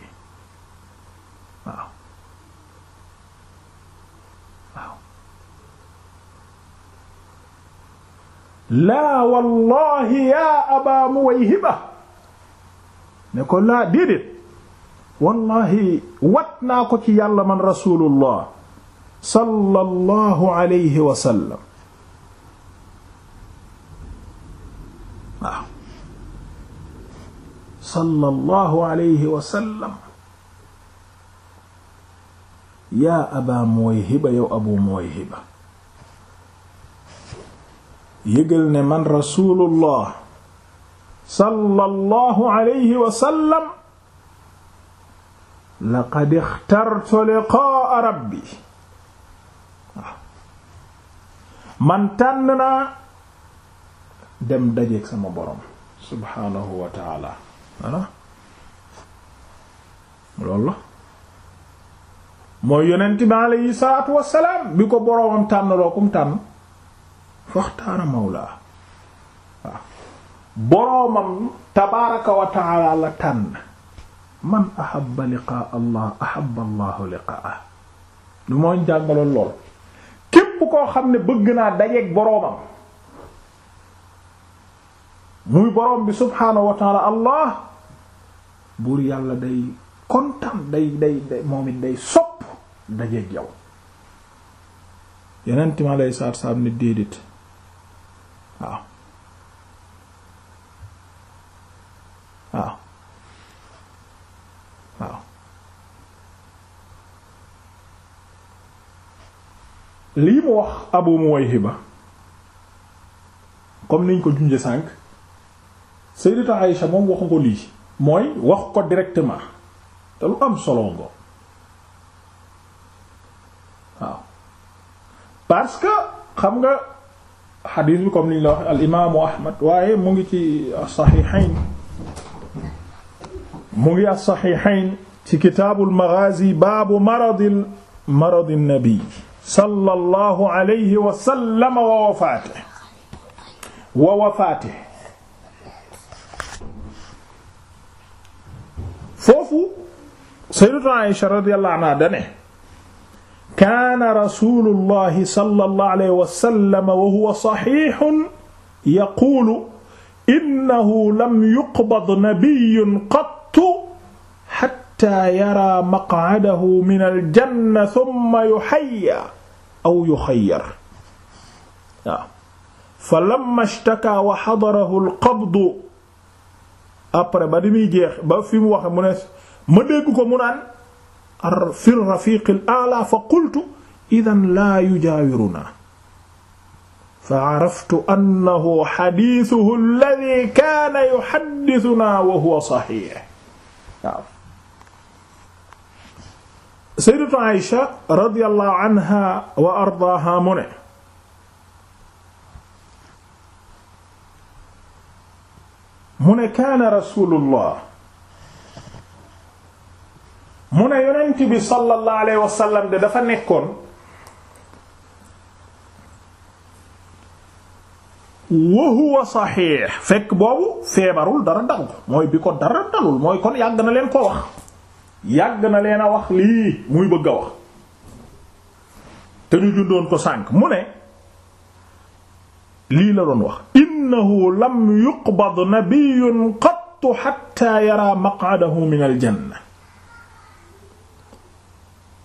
laa wallahi ya aba muwayhiba ne ko laa déedéet wallahi wat naa ko ci yàlla man rasulullah sallallahu alayhi wa sallam waaw sallallahu alayhi wa sallam yaa aba muwayhiba yow abu muwayhiba yëgal ne man rasulullah sallallahu alayhi wa sallam laqad ixtartu liqaa rabbi man tànn naa dem dajeeg sama borom subhaanahu wa taala voilà loolu la mooy yonent bi aleyhi salaatu wassalaam bi ko boromam tànn loo kum tànn faxtaara mawlaa waaw boromam tabaaraka wa la tànn man ahabba liqaa allah ahabba allahu liqaa'ah lu mooy jàngaloon lool képp koo xam ne bëgg naa dajeek boroomam muy boroom bi subhaanahu wa allah buur yàlla day kontaan day day day day sopp dajeek yow yeneen time lay saar saar ni déedéet waaw lii mu wax Abu Muwayhiba comme niñ ko junje sànq Sayyidatu Aïsha moom waxu ko lii mooy wax ko directement te lu am solo ngo waaw parce xam nga xadiis bi comme niñ la wax al imaamu Ahmad waaye mu ngi ci as-Sahihayn mu ngi as-Sahihayn ci kitaabul Maghaazi baabu maradi nabi sallallahu alayhi wa sallam wa wafaate wa wafaate foofu sayyidatu Aisha radiyallahu anha dane kaana rasulullahi sallallahu alayhi wa sallam wa huwa sahihun yaquulu innahu lam yuqbad nabiyyun qat xatta yara maq'adahu min aljanna thumma yuhayya aw yuxayyar waaw fa lamma ishtaka wa xadarahu alqabdu après ba di muy jeex ba fi mu waxe mu ne ma dégg ko mu naan fi rafiq al a'la fa qultu idan laa yujaawirunaa fa araftu annahu xadiisuhu alladii kaana yuxaddisunaa wa huwa saxiix waaw sayyidatu Aïsha radiyallahu anha wa ardaaha mu ne mu ne kaana rasulullah mu ne yonent bi sallallahu alayhi wa sallam de dafa nekkoon wa huwa saxiix fekk boobu feebarul dara dalul mooy bi ko dara dalul mooy kon yàgg na leen ko wax yàgg na leen a wax lii muy bëgg a wax te ñu jundoon ko sànq mu ne lii la doon wax innahu lam yuqbad nabiyyun qattu hatta yara maq'adahu min al janna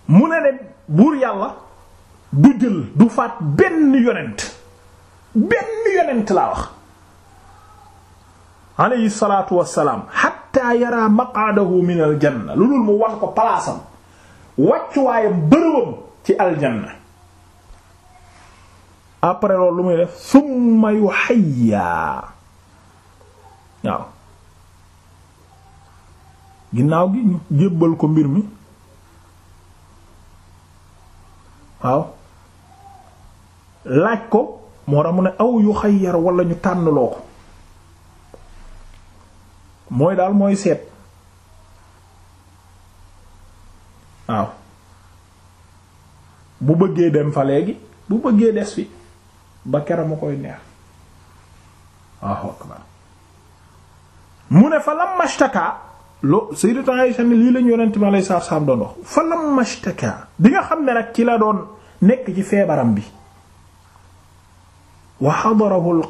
mu ne ne buur yàlla du jël du faat benn yonent benn yonent laa wax alayhi salaatu wassalaam xatta yara maqaadahu min aljanna lu dul mu wax ko palaasam wàccuwaayam bërëbam ci aljanna après loolu lu muy def summa yu xayyaa waaw ginnaaw gi ñu jébbal ko mbir mi waaw laaj ko moo tax mu ne aw yu xayyar wala ñu tànnloo ko mooy daal mooy seet waaw bu bëggee dem fa léegi bu bëggee des fi ba keram a koy neex waaw akbar mu ne fa lamma shtaka lo sayyidatu Aisha ni lii lañu yonent bi alayhi salaatu salaam doon wax fa lamma shtaka bi nga xam ne nag ci la doon nekk ci feebaram bi wa hadarahu al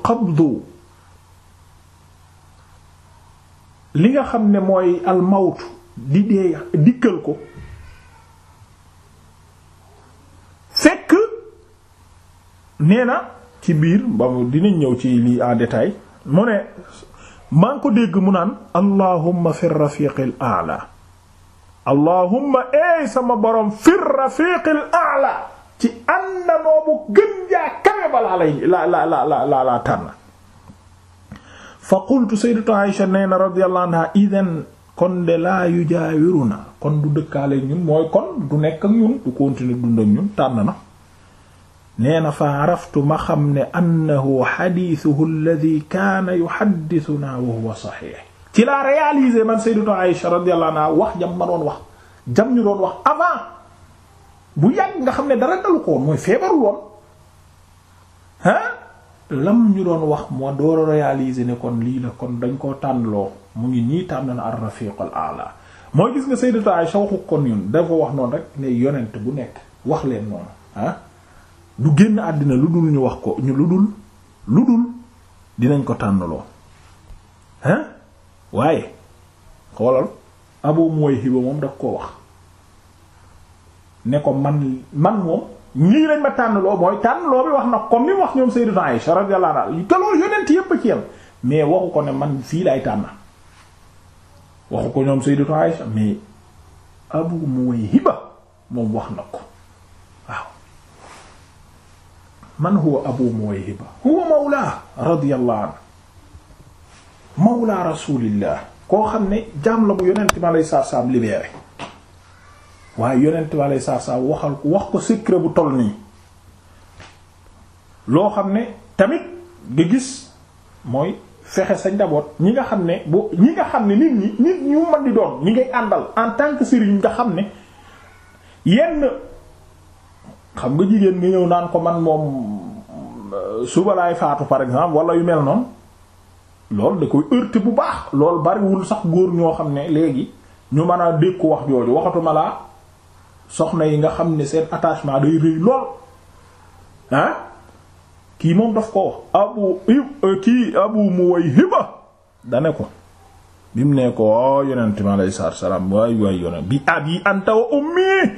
li nga xam ne mooy almawtu di dee dikkal ko fekk nee na ci biir ba mu ñëw ci lii en détail mu ne maa ko dégg mu naan allahumma fi rafiqil a'la allahumma eey sama borom fi rafiqil a'la ci àndandoo bu gën jaa kawe ba lay la la la la la tànn fa qultu sayyidatu Aisha nee na radiyallahu anha idan kon de laa yujaawiruna kon du dëkkaale ñun mooy kon du nekk ak ñun du continuer dund ak ñun tànn fa araftu ma xam ne annahu xadiisuhu alladi kaana yuxaddisuna wa huwa saxiix ci laa réaliser man sayyidatu Aisha radiyallahu anha wax jam ma wax jam ñu doon wax avant bu yàgg nga xam ne dara dalu ko woon mooy feebaru woon ah lam ñu doon wax moo door a réaliser ne kon lii la kon dañ koo tànnloo mu ngi nii tànn na ar-rafiqul a'la mooy gis nga sayyidatu Aisha waxu kon ñun dafa wax noonu rek ne yonent bu nekk wax leen noonu ah du génn àddina lu dul ñu wax ko ñu lu dul lu dul dinañ ko tànnloo ah waaye xoolal Abu Muwayhiba moom daf koo wax ne ko man man moom nii lañ ma tànn loo mooy tànn loo bi wax na comme ni wax ñoom Sayyidatu Aisha radiyallahu anha te loolu yonent yépp ci yam mais waxu ko ne man fii lay tànn waxu ko ñoom Sayyidatu Aisha mais Abu Muwayhiba moom wax na ko waaw man huwa Abu Muwayhiba huwa mawla radiyallahu anhu mawla koo xam ne jaam la bu yonent ma lay saar saam libéré waaye yonent bi aleyhi salaatu salaam waxal ko wax ko secret bu toll nii loo xam ne tamit nga gis mooy fexe sañ njaboot ñi nga xam ne bu ñi nga xam ne nit ñi nit ñu mën di doon ñi ngay àndal en tant que sëriñ nga xam ne yenn xam nga jigéen nga ñëw naan ko man moom euh, suba laay faatu par exemple wala yu mel noonu loolu da koy heurter bu baax lool bariwul sax góor ñoo xam ne léegi ñu mën a dégg ko wax jooju waxatuma laa soxna yi nga xam ne seen attachement day rëy lool ah kii moom daf ko wax abu euh, kii abu muwayhiba dane ko bi mu ne ko waaw yonent mi alayhi salaatu salaam waay waay yonent bi abi anta wa ummi lii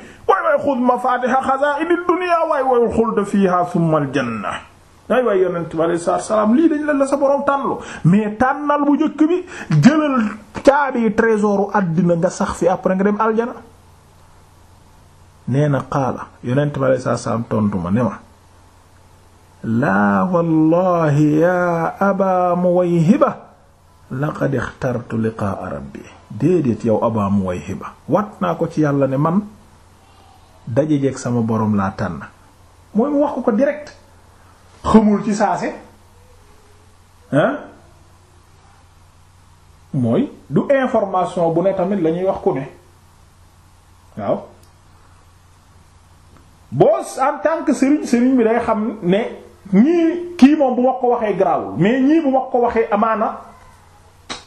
dañ la la sa borom tànnlu mais tànnal bu njëkk bi jëlal caabi trésoru àddina nga sax fi après nga dem aljana nee na qaala yonent bi aleyhi salaatu salaam tontu ma ne ma laa wallahi yaa aba muwayhiba laqad ixtartu liqaa rabbi déedéet yow aba muwayhiba wat naa ko ci yàlla ne man dajejeeg sama boroom laa tànn mooy mu wax ko ko direct xamul ci saase hein mooy du information bu ne tamit lañuy wax ku ne waaw boo en tant que sëriñ sëriñ bi day xam ne ñii kii moom bu ma ko waxee garaawul mais ñii bu ma ko waxee amaana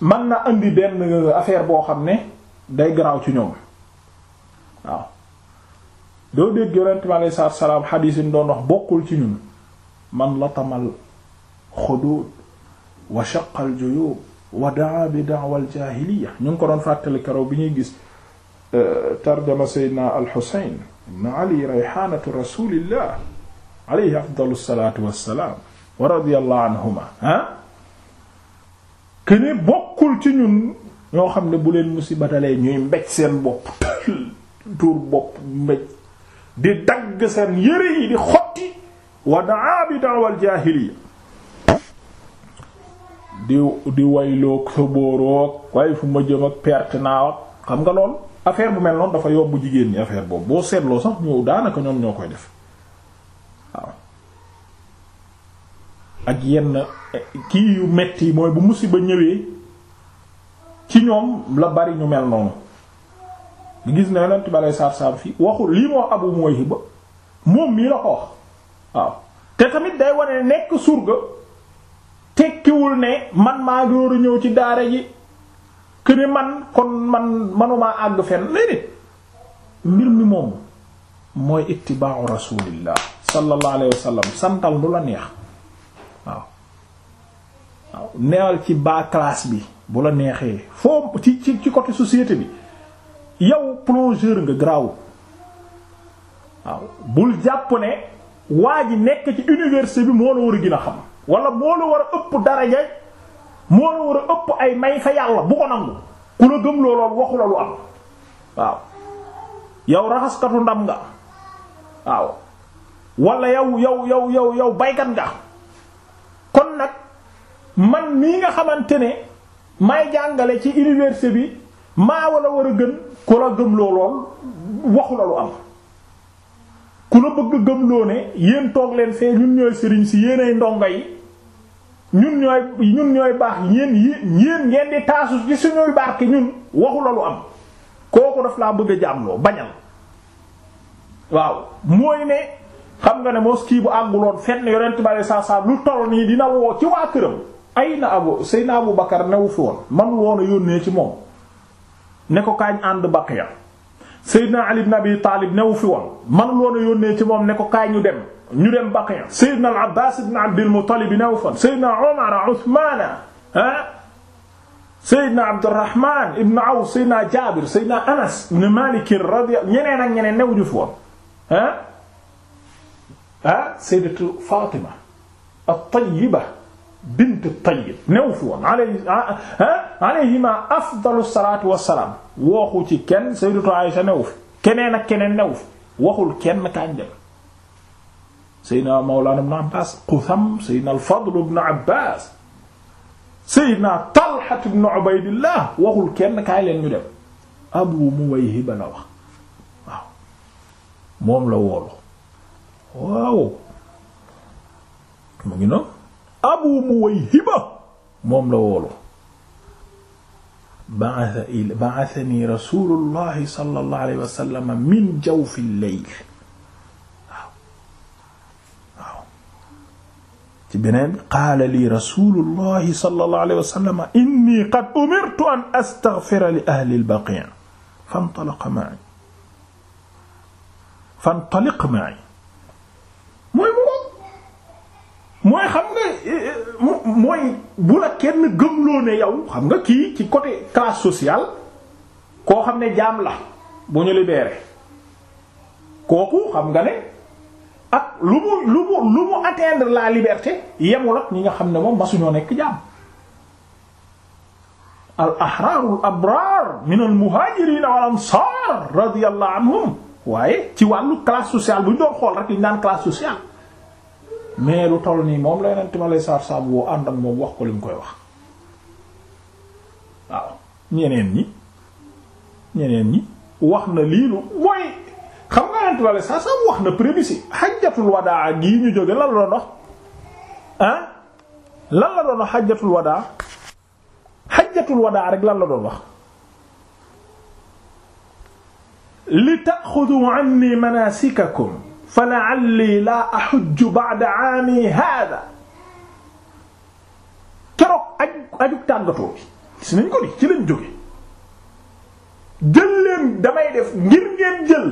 man na indi benn affaire boo xam ne day garaaw ci ñoom waaw doo dégg yonent mi alei salaatu salaam xadiis mu doon wax bokkul ci ñun man latamal xuduud wa shaqal juyuub wa daa bi daawal jaahiliya ñu ngi ko doon fàttali keroog bi ñuy gis euh, tarjama Seydina al ibn ali rayhaanatu rasulillah alayhi afdalu salaatu wassalaam wa radiyallahu anhuma ah kene bokkul ci ñun ñoo xam ne bu leen musibatalee ñuy mbéj seen bopp tuur bopp mbéj di dagg seen yére yi di xotti wa daa daawal jaahiliya di di sa bóoroog waaye fu ma jëm ak perte naa xam nga lool affaire bu mel noonu dafa yobbu jigéen ñi affaire boobu boo seetloo sax ñoo daanaka ñoom ñoo koy def waaw ak yenn kii yu metti mooy bu musiba ñëwee ci ñoom la bari ñu mel noonu gis na yonent balay saab-saab fii waxu lii moo abu mooy hiba moom mii la ko wax waaw te tamit day wane nekk surga tekkiwul ne man maa dooru ñëw ci daara ji que man kon man manumaa àgg fenn léegi mbir mi moom mooy ittiba'u rasulillah sallallahu alayhi santal lu la neex waaw waaw ci bas classe bi bu la neexee foo ci ci ci côté société bi yow plongeur nga graw waaw bul jàpp ne waa ji nekk ci université bi moo la war a gën a xam wala moo la war a ëpp daraja moo la war a ëpp ay may fa yàlla bu ko nangu ku la gëm looloon waxu la lu am waaw yow raxaskatu ndam nga waaw wala yow yow yow yow baykat nga kon nag man mii nga xamante ne may jàngale ci université bi maa wala war a gën ku la gëm looloon waxu la lu am ku la bëgg gëm loo ne yéen toog leen fee ñun ñooy sëriñ si yéenay ndongo yi ñun ñooy ñun ñooy baax yéen yéen ngeen di taasu ci suñuy barke ñun waxu la lu am kooku daf laa bëgg a loo bañal waaw mooy ne xam nga ne mos kii bu àgguloon fenn yonent bale saa saa lu toll nii dina woo ci waa këram ay na abu sayna abu bakar newu fi woon man woon yónnee ci moom ne ko kaañ ànd baqiya sayyidna ali ibn abi taalib newu fi woon man woon yónnee ci moom ne ko kaañu dem ñu dem Baqiya Seydina al Abbaas ibn Abdil Muttalib Nawfal Seydina Umar Usmaan ah Seydina Abdurrahmaan ibn Awf Seydina Jaabir Seydina Anas ibn Maalik radiyallahu ñeneen ak ñeneen new ñu fi woon ah ah Sayyidatu Faatima at-Tayyiba bint at-Tayyib new fi woon alayhima afdalu salaatu wassalaam waxu ci kenn Sayyidatu Aysa new fi keneen ak keneen new fi waxul kenn kañ dem Seydina Mawlana ibn Abbas Qutham Seydina al-Fadl ibn Abbas Seydina Talha ibn Ubaydillah waxul kenn kaay leen ñu dem Abu Muwayhiba la wax waaw moom la woolu waaw mu ngi noonu Abu Muwayhiba moom la woolu ba'athani rasuulullahi sallallahu alayhi wa sallam min jawfil layl beneen qaala li rasulullahi sallallahu alayhi wa sallam inni qad umirtu an astaghfira li ahli al-baqi' fantaliq ma'i mooy mu la kenn gëmloo ne yow xam nga kii ci côté classe social koo xam ne jaam la bu ñu libéré kooku xam nga ne ak lu mu lu mu lu mu atteindre la liberté yemul ñi nga xam ne moom masuñoo nekk jaam al ahraarul abraar min al muhaajiriina wal ansaar radiyallahu waaye ci wàllu classe sociale bu ñu doon xool rek li ñu naan classe sociale mais lu toll nii moom la yonent ma saar saabu woo ànd moom wax ko li mu koy wax waaw ñeneen ñi ñeneen ñi wax na lii lu mooy yonent wala sa sam wax na prémisse xajjatul wadaa gii ñu jóge lan la doon wax ah lan la doon wax xajjatul wadaa xajjatul wadaa rek lan la doon wax li taaxudu anni manasikakum fa la'alli laa axujju ba'da aami haada keroog aju aju tàggatoo bi gis nañ ko ni ci lañ jóge jël leen damay def ngir ngeen jël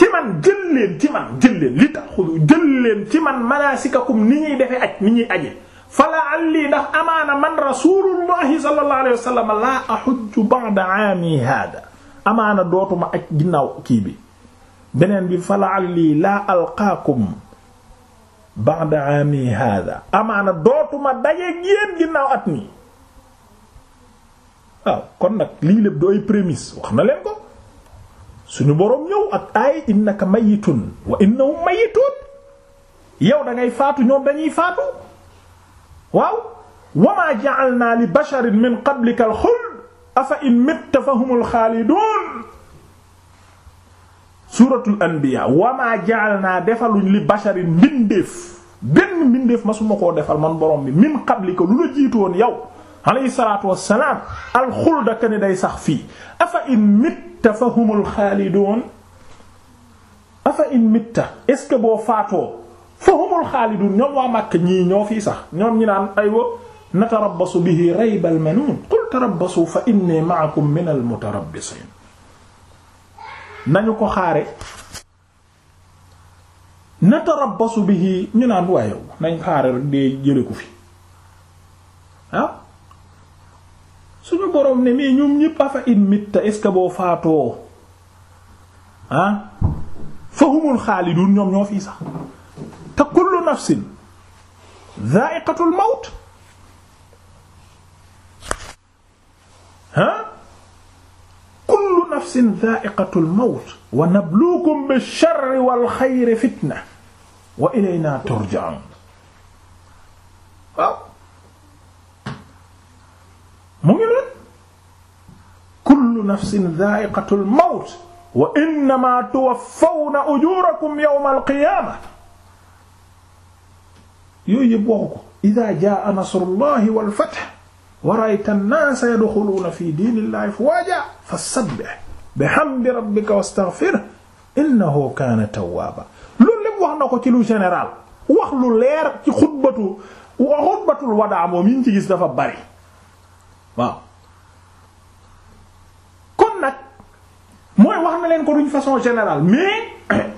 ci man jël leen ci man jël leen li taxudu jël ci man manasikakum ni ñuy defee aj ni ñuy aje fala alli ndax amaana man rasulullahi sallallahu alayhi laa ahujju ba'da aami hada dootuma aj ginnaaw kii bi beneen bi fala lii laa alqaakum ba'da aami hada dootuma dajeeg yéen ginnaaw at mi kon nag lii lépp du ay prémisse wax suñu boroom ñëw ak ay innaka mayitun wa faatu ñoom dañuy faatu waaw wama ja'alna li basharin min qablika al afa in mitta fahumul xaalidun suratul anbiya wama ja'alna defaluñ li basharin mbindeef benn mbindeef masuma koo defal man borom bi min qablika lu la jiitoon yow alayhi salatu wassalam al ka ne day sax fii te fa humul xaalidoon afa in mitta est-ce que boo faatoo fa humul xaalidoon ñoom waa Makka ñii ñoo fii sax ñoom ñi naan aywa natarabbasu bihi raybal manuun qul tarabbasu fa inni ma'akum minal mutarabbisiin nañu ko xaare natarabbasu bihi ñu naan waayow nañ xaare rek dee jële ko fi suñu borom ne mais ñoom ñëpp afa in mitta est ce que boo faatoo ah fa humul xaalidun ñoom sax te kullu nafsin dha'iqatul maut ah kullu nafsin dha'iqatul maut wa nabluukum bish-sharri wal khayri mu ngi leen kullu nafsin dha'iqatul mawt wa innama tuwaffawna ujurakum yawmal qiyaamah yooyu yëpp waxu ko idha jaa nasrullahi wal fath wa ra'ayta an-naasa yadkhuluuna fi diinillahi afwaaja fasabbih bihamdi rabbika wastaghfirhu innahu kaana tawwaaba loolu lépp wax na ko ci lu général wax lu leer ci xutbatu xutbatul wadaa moom yi ñu ci gis dafa bari waaw kon nag mooy wax na leen ko d'une façon général mais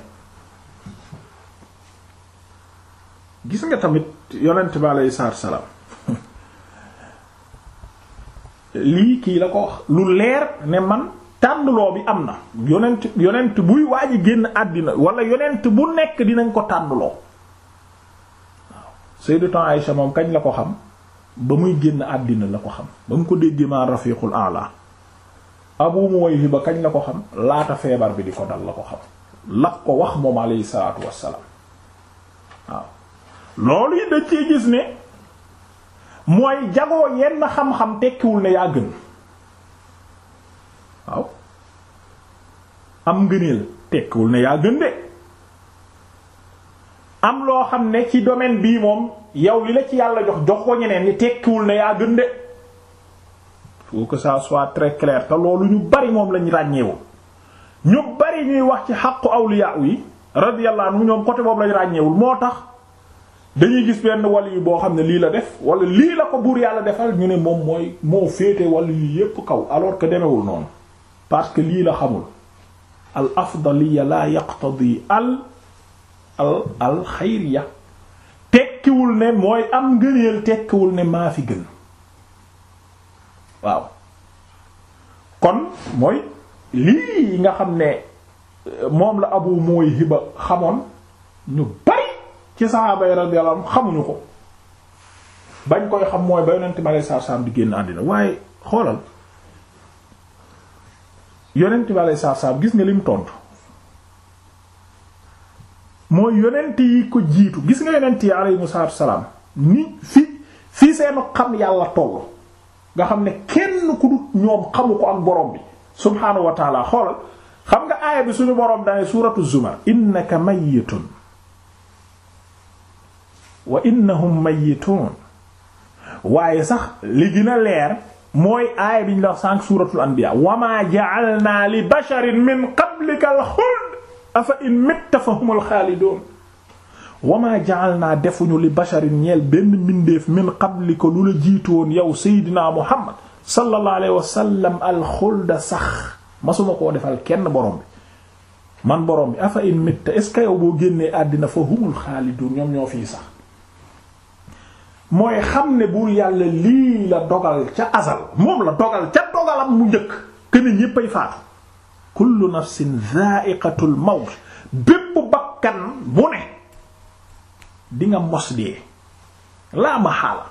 gis nga tamit yonent bi aleyhi salaatu salaam lii kii la ko wax lu leer ne man tànnloo bi am na yonent yonent buy waaj génn àddina wala yonent bu nekk dinañ ko tànnloo waaw Sayyidatu Aïsha moom kañ la ko xam ba muy génn àddina la ko xam ba mu ko déggee maa rafiqul a'la abu muwayhi ba kañ la ko xam laata feebar bi di ko dal la ko xam la ko wax moom alayhi salaatu wassalaam waaw loolu yi dañ gis ne mooy jagoo yenn xam-xam tekkiwul ne yaa gën waaw am ngëneel tekkiwul ne yaa gën de am loo xam ne ci domaine bii moom yow li la ci yàlla jox jox ko ñeneen ñi tekkiwul ne yaa gën de faut très clair te loolu ñu bari moom lañu ràññeewul ñu bari ñuy wax ci xàqu awliya yi radiyallahu anhu ñoom côté moom lañu ràññeewul moo tax dañuy gis benn wàll yi boo xam ne lii la def wala lii la ko buur yàlla defal ñu ne moom mooy moo féete wàll yi yépp kaw alors que demewul noonu parce que lii la xamul al afdaliya la yaqtadi al al al xayriya tekkiwul ne mooy am ngëneel tekkiwul ne maa fi gën waaw kon mooy lii nga xam ne euh, moom la abu mooy hiba xamoon ñu bari ci saxaaba yi xamuñu ko bañ koy xam mooy ba yonent mi alayhi salaatu waaye xoolal yonent mi alayhi salaatu gis nga lim tontu mooy yonent yi ko jiitu gis nga yonent yi aleyhimu salaatu salaam ni fi fii seenu xam yàlla toll nga xam ne kenn ku ñoom xamu ko ak borom bi subhaanahu wa xoolal xam nga aaya bi suñu borom dane suuratu zumar innaka mayyitun wa innahum mayyitun waaye sax li gën a leer mooy aaya bi ñu la sànq suuratul anbiya wa maa ja'alnaa li basharin min qablikal xuld afa in mitta fa humul xaalidoon wamaa jaal naa defuñu li basharin ñeel benn mbindeef min qabli ko lu la jiitoon yow seydinaa muhammad sallallahu alayhi wasallam alxulda sax masuma koo defal kenn borom bi man borom bi afa in mitta est yow boo génnee àddina fa humul xaalidoon ñoom ñoo fii sax mooy xam ne buur yàlla lii la dogal ca asal moom la dogal ca dogalam mu njëkk këni ñéppay faatu kullu nafsin dha'iqatul mawt bépp bakkan bu ne di nga mos dee laa ma xaala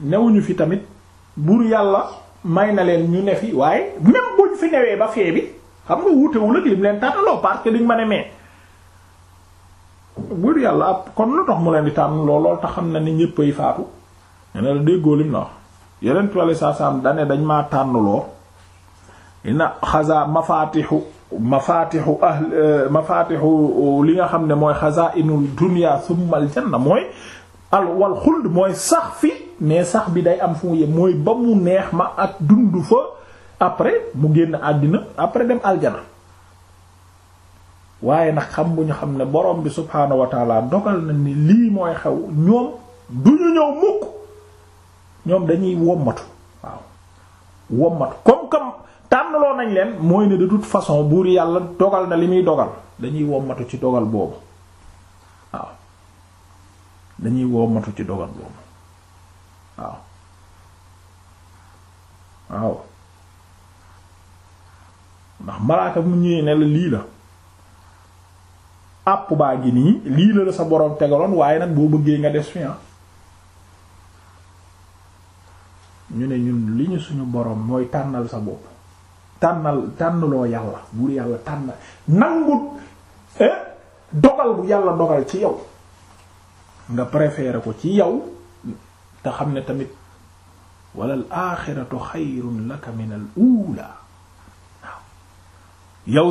newuñu fi tamit buur yàlla may na leen ñu ne fi waaye même buñ fi newee ba fee xam nga wutewul ak lim leen tànnaloo parce que liñ ma ne mais buur yàlla ab kon lu tax mu leen di tànn lool lool tax xam na ni ñépp ay faatu. nee na la déggoo lim na wax yeneen tool yi saa saa dañ maa tànnaloo. na xaza mafatixu mafaatixu ahl eh, mafatixu li nga xam ne mooy xazainul dunya thumma al janna mooy al wal xuld mooy sax fi mais sax bi day am fu mu mooy ba neex ma ak dund fa après mu génn àddina après dem aljana waaye nag xam bu ñu xam ne borom bi subhaanahu wa taala dogal na ni lii mooy xew ñoom du ñu ñëw mukk ñoom dañuy wommatu waaw wommatu comme comme tànnaloo nañ leen mooy ne de toute façon buur yàlla dogal na li muy dogal dañuy wommatu ci dogal boobu waaw dañuy wommatu ci dogal boobu waaw waaw ndax malaaka mu ñëwee ne la lii la àpp baa ngi nii lii la la sa borom tegaloon waaye nag boo bëggee nga des fi ah ñu ne ñun li ñu suñu boroom mooy tànnal sa bopp tànnal tànnaloo yàlla buur yàlla tànn nangut eh, dogal bu yàlla dogal ci yow nga préférer ko ci yow te xam ne tamit wala al axiratu xayrun laka min al ula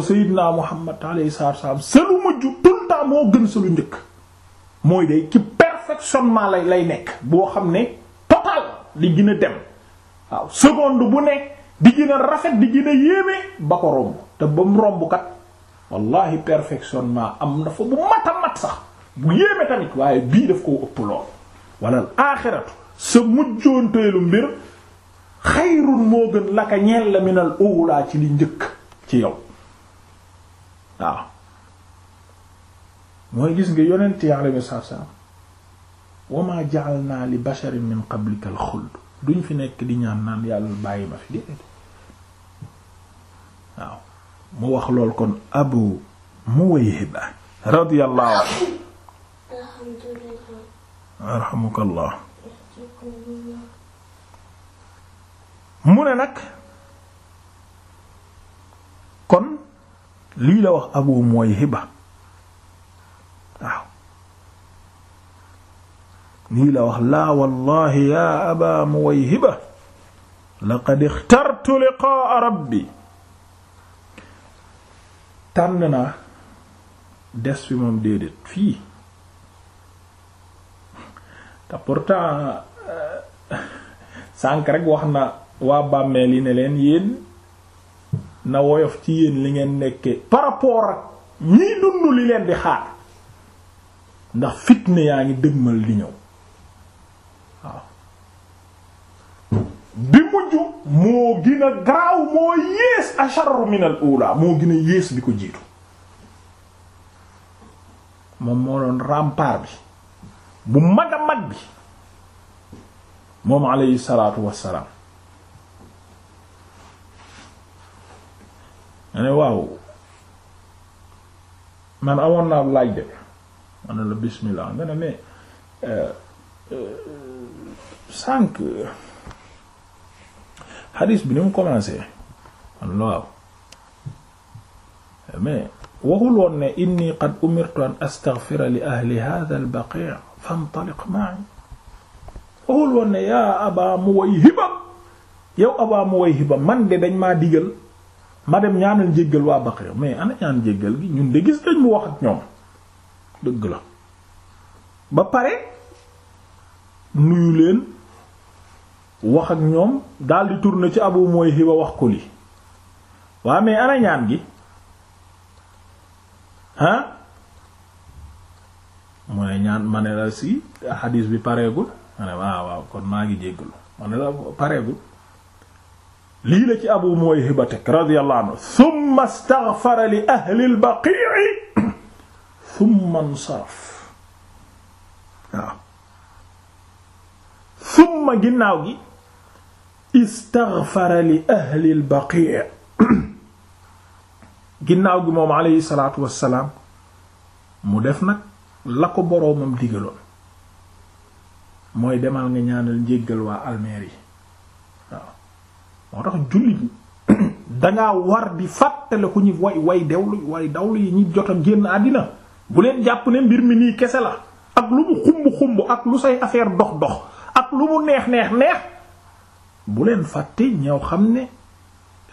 sayidna muhammad alayhi salatu wassalam sa lu mujj tout le moo gën sa lu njëkk mooy day ci perfectionnement lay lay nekk boo xam ne total li gën dem waaw seconde bu nekk di gën a rafet di gën a yéeme ba ko romb te ba mu romb kat wallahi perfectionnement am na fa bu mat sax bu yéeme tamit waaye bii daf koo ëpp lool wala aaxiratu sa mujjoonteelu mbir xayrun moo gën laka ñeel la minal uulaa ci li njëkk ci yow waaw mooy gis nga yonent yi alayhi salaam wa maa ja'alnaa li basharin min qablikal xuld duñ fi nekk di ñaan naan yàlla bàyyi ma fi déedéet waaw mu wax lool kon abu muwayhiba radiyallahu anhu arhamukallah mu ne nag kon lii la wax abu muwayhiba waaw lii la wax laa wallahi ya aba muwayhiba laqad ixtartu liqaa rabbi tànn naa des fi moom déedéet fii te pourtant euh, sànk rek wax na waa bàmmeel yi ne leen yéen na woyof ci yéen li ngeen nekkee par rapport ak ñiy dund li leen di xaar ndax fitne yaa ngi dëgmal di ñëw moo gën a moo yées asharru min al moo gën yées bi ko jiitu moom moo doon rempart bi bu mag a mag bi moom alayhi salaatu wassalaam ma ne waaw man awoon naa laaj de ma ne la bismillah nga ne mais euh, euh, xadiis bi ni mu commencé man waaw mais waxul woon ne inni qad umirtu an astaghfira li ahli hadha al baqi' fantaliq waxul woon ne yaa Abaa Muwayhiba yow Abaa Muwayhiba man de dañ maa digal ma dem ñaanal njéggal waa baqi' mais ana ñaan njéggal gi ñun de gis dañ mu wax ak ñoom dëgg la ba pare nuyu leen wax ak ñoom daldi tourner ci Abu Muwayhiba wax ko lii waa mais ana ñaan gi ah mu ne ñaan ma ne la si xadiis bi pareegul ma ne waaw waaw kon maa ngi jéggul ma ne la pareegul lii la ci Abu Muwayhiba teg radiyallahu anhu thumma istaghfara li ahli al-baqi'i thumma waaw thumma ginnaaw gi istaghfara li ahli al-baqi' ginnaaw gi moom aleyhi salaatu wassalaam mu def nag la ko boroomam digaloon mooy demal nga ñaanal njéggal waa almeer yi waaw moo tax jullit dangaa war di fàttale ku ñu way way dewlu way dawlu yi ñi jot génn àddina bu leen jàpp ne mbir mi nii kese la ak lu mu xumb xumb ak lu say affaire dox dox ak lu mu neex neex neex buleen fàtte ñoo xam ne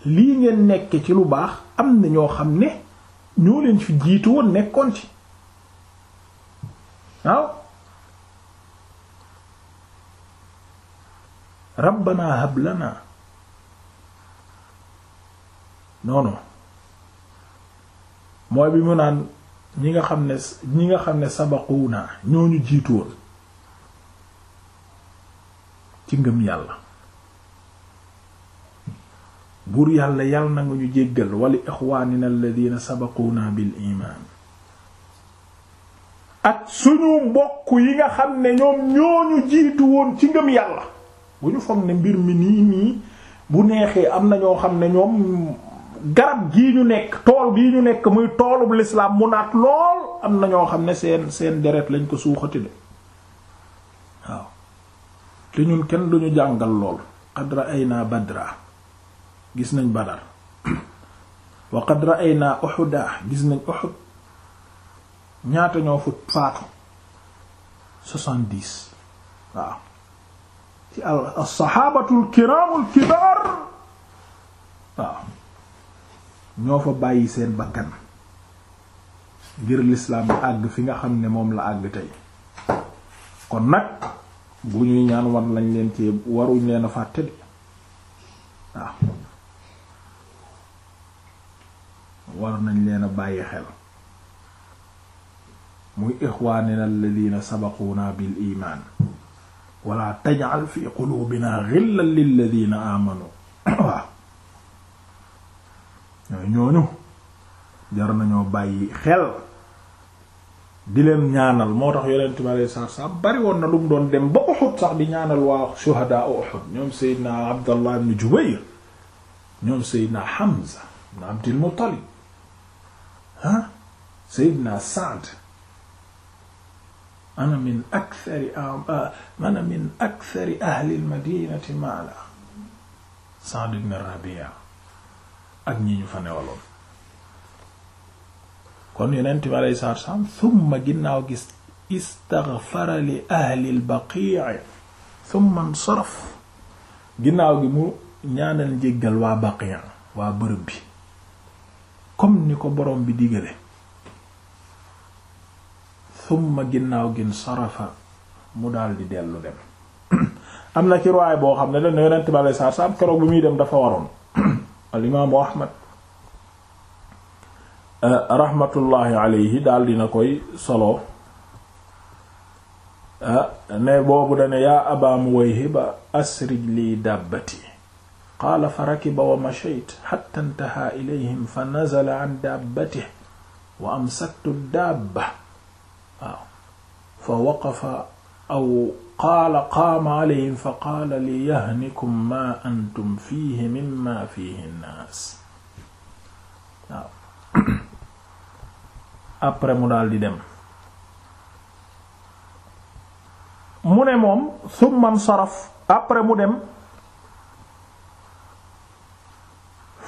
lii ngeen nekk ci lu baax am na ñoo xam ne ñoo leen fi jiitu woon nekkoon ci waaw rabbana hab lana non non mooy bi mu naan ñi nga xam ne ñi nga xam ñoo ñu jiitu woon ci ngëm yàlla buur yàlla yàlla na nga ñu jéggal wali ixwaanina alladina sabaquuna bi imaan ak suñu bokk yi nga xam ne ñoom ñoo ñu jiitu woon ci ngëm yàlla bu ñu foog ne mbir mi nii nii bu neexee am na ñoo xam ne ñoom garab gii ñu nekk tool gii ñu nekk muy toolub lislaam mu naat lool am na ñoo xam ne seen seen deret lañ ko suuxati de waaw te ñun kenn duñu jàngal lool qad ra'ayna badra gis nañ Badar wa qad ra'ayna Uhud gis nañ Uhud ñaata ñoo fa faatu soixante-dix waaw ci as-sahabatul kiramul kibar waaw ñoo fa bàyyi seen bakkan ngir lislaam bi àgg fi nga xam ne moom la àgg tey kon nag bu ñuy ñaan war lañ leen ci waruñ leen a fàtte waaw war nañ leen a bàyyi xel muy ixwaanina alladina sabaquuna bil imaan wala tajal fi quluubina xillan lilladina aamanu waaw ñooñu jar nañoo bàyyi xel di leen ñaanal moo tax yonent bi alayhi salaatu salaam bari woon na lu doon dem ba Uhud sax di ñaanal waa shuhadaa Abdallah ibn Jubayr ñoom Seydina Hamza ibn Abdul Muttalib ah Seydina Saad ana min akthari ah, ah, ana min akthari ahli al-madinati mala Saad ibn Rabi'a ak ñi ñu fa newaloon kon yonent bi alayhi salaatu salaam thumma ginnaaw gis istaghfara li ahli al-baqi'i thumma insaraf ginnaaw gi mu ñaanal njéggal waa baqi'a waa bërëb bi comme ni ko borom bi digale summa ginnaaw gin sarafa mu dal di dellu dem am na ci boo xam ne dañ yonent bale saar sa am keroog bi muy dem dafa waroon al imaamu ahmad eh, rahmatullahi alayhi daal dina koy solo eh, ne boobu dane yaa aba muwayhiba asrij lii dàbbati qaala fa rakiba wa macheyt xatta ntahaa ilayhim fa nazala an daabatih wa amsaktu daaba waaw fa waqafa aw qaala qaama alayhim fa qaala liyahnikum maa antum fiihi mimmaa fiihi nnaas waaw après mu daal di dem mu ne moom summa nsaraf après mu dem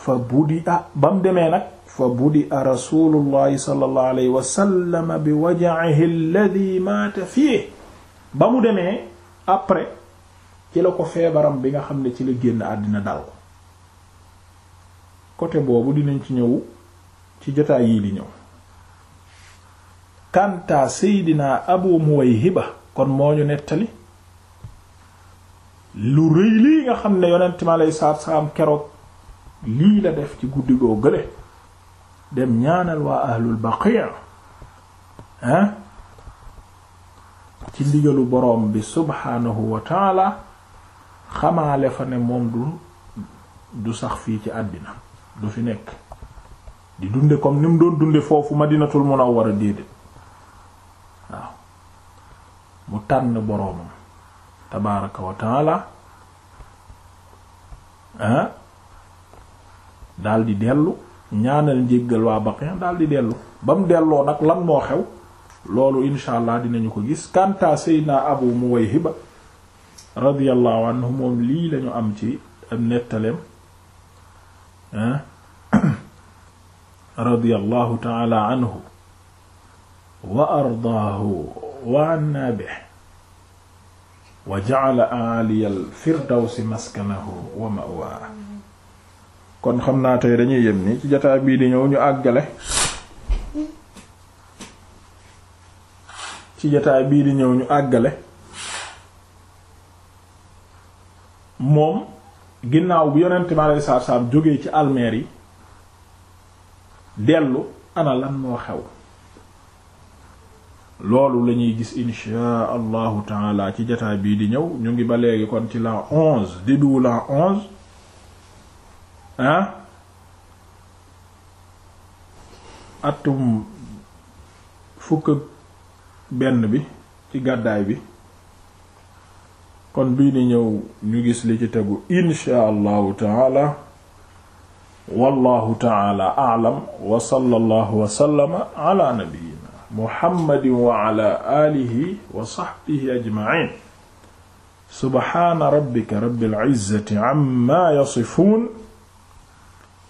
fa budi a ba mu demee nag fa budi a rasulullahi sallallahu alayhi wa sallam bi waja'ihi alladhi maata fii ba mu demee après ci la ko feebaram bi nga xam ne ci la génn àddina daal ko côté boobu dinañ ci ñëw ci jotaay yii di ñëw kanta seydina abu muwayhiba kon moo ñu nettali lu rëy lii nga xam ne yonent mi alayhi salaatu wa salaam keroog lii la def ci guddi goo gële dem ñaanal waa ahlul baqiya ah ci ndigalu boroom bi subhaanahu wa taala xamaale fa ne moom du sax fii ci àddina du fi nekk di dunde comme ni mu doon dunde foofu ma dinatul madinatul munawwara déedéet waaw mu tànn boroomam tabaaraka wa taala daal di dellu ñaanal njéggal waa Baqi' daal di dellu ba mu delloo nag lan moo xew loolu incha allah dinañu ko gis kanta Seydina Abu Muwayhiba radiyallahu moom lii lañu am ci am nettaleem radiyallahu ta'ala anhu wa ardaahu wa anna bihi wa ja'ala a'aliyal firdawsi maskanahu wa ma'waahu kon xam naa tey dañuy yem ni ci jotaay bii di ñëw ñu àggale ci jotaay bii di ñëw ñu àggale moom ginnaaw bu yonent mi alayhi salaatu salaam jógee ci almeer yi dellu ana lan moo xew loolu la gis insha allahu taala ci jotaay bii di ñëw ñu ngi ba léegi kon ci la onze di du la onze ah atum fukk benn bi gàddaay bi kon bii ni ñëw ñu gis li ci tegu insha allahu taala wallahu taala a'lam wa sallallahu wa sallama ala nabiyyina muhammadin wa ala alihi wa sahbihi ajma'in subhana rabbika rabbil izzati amma yasifun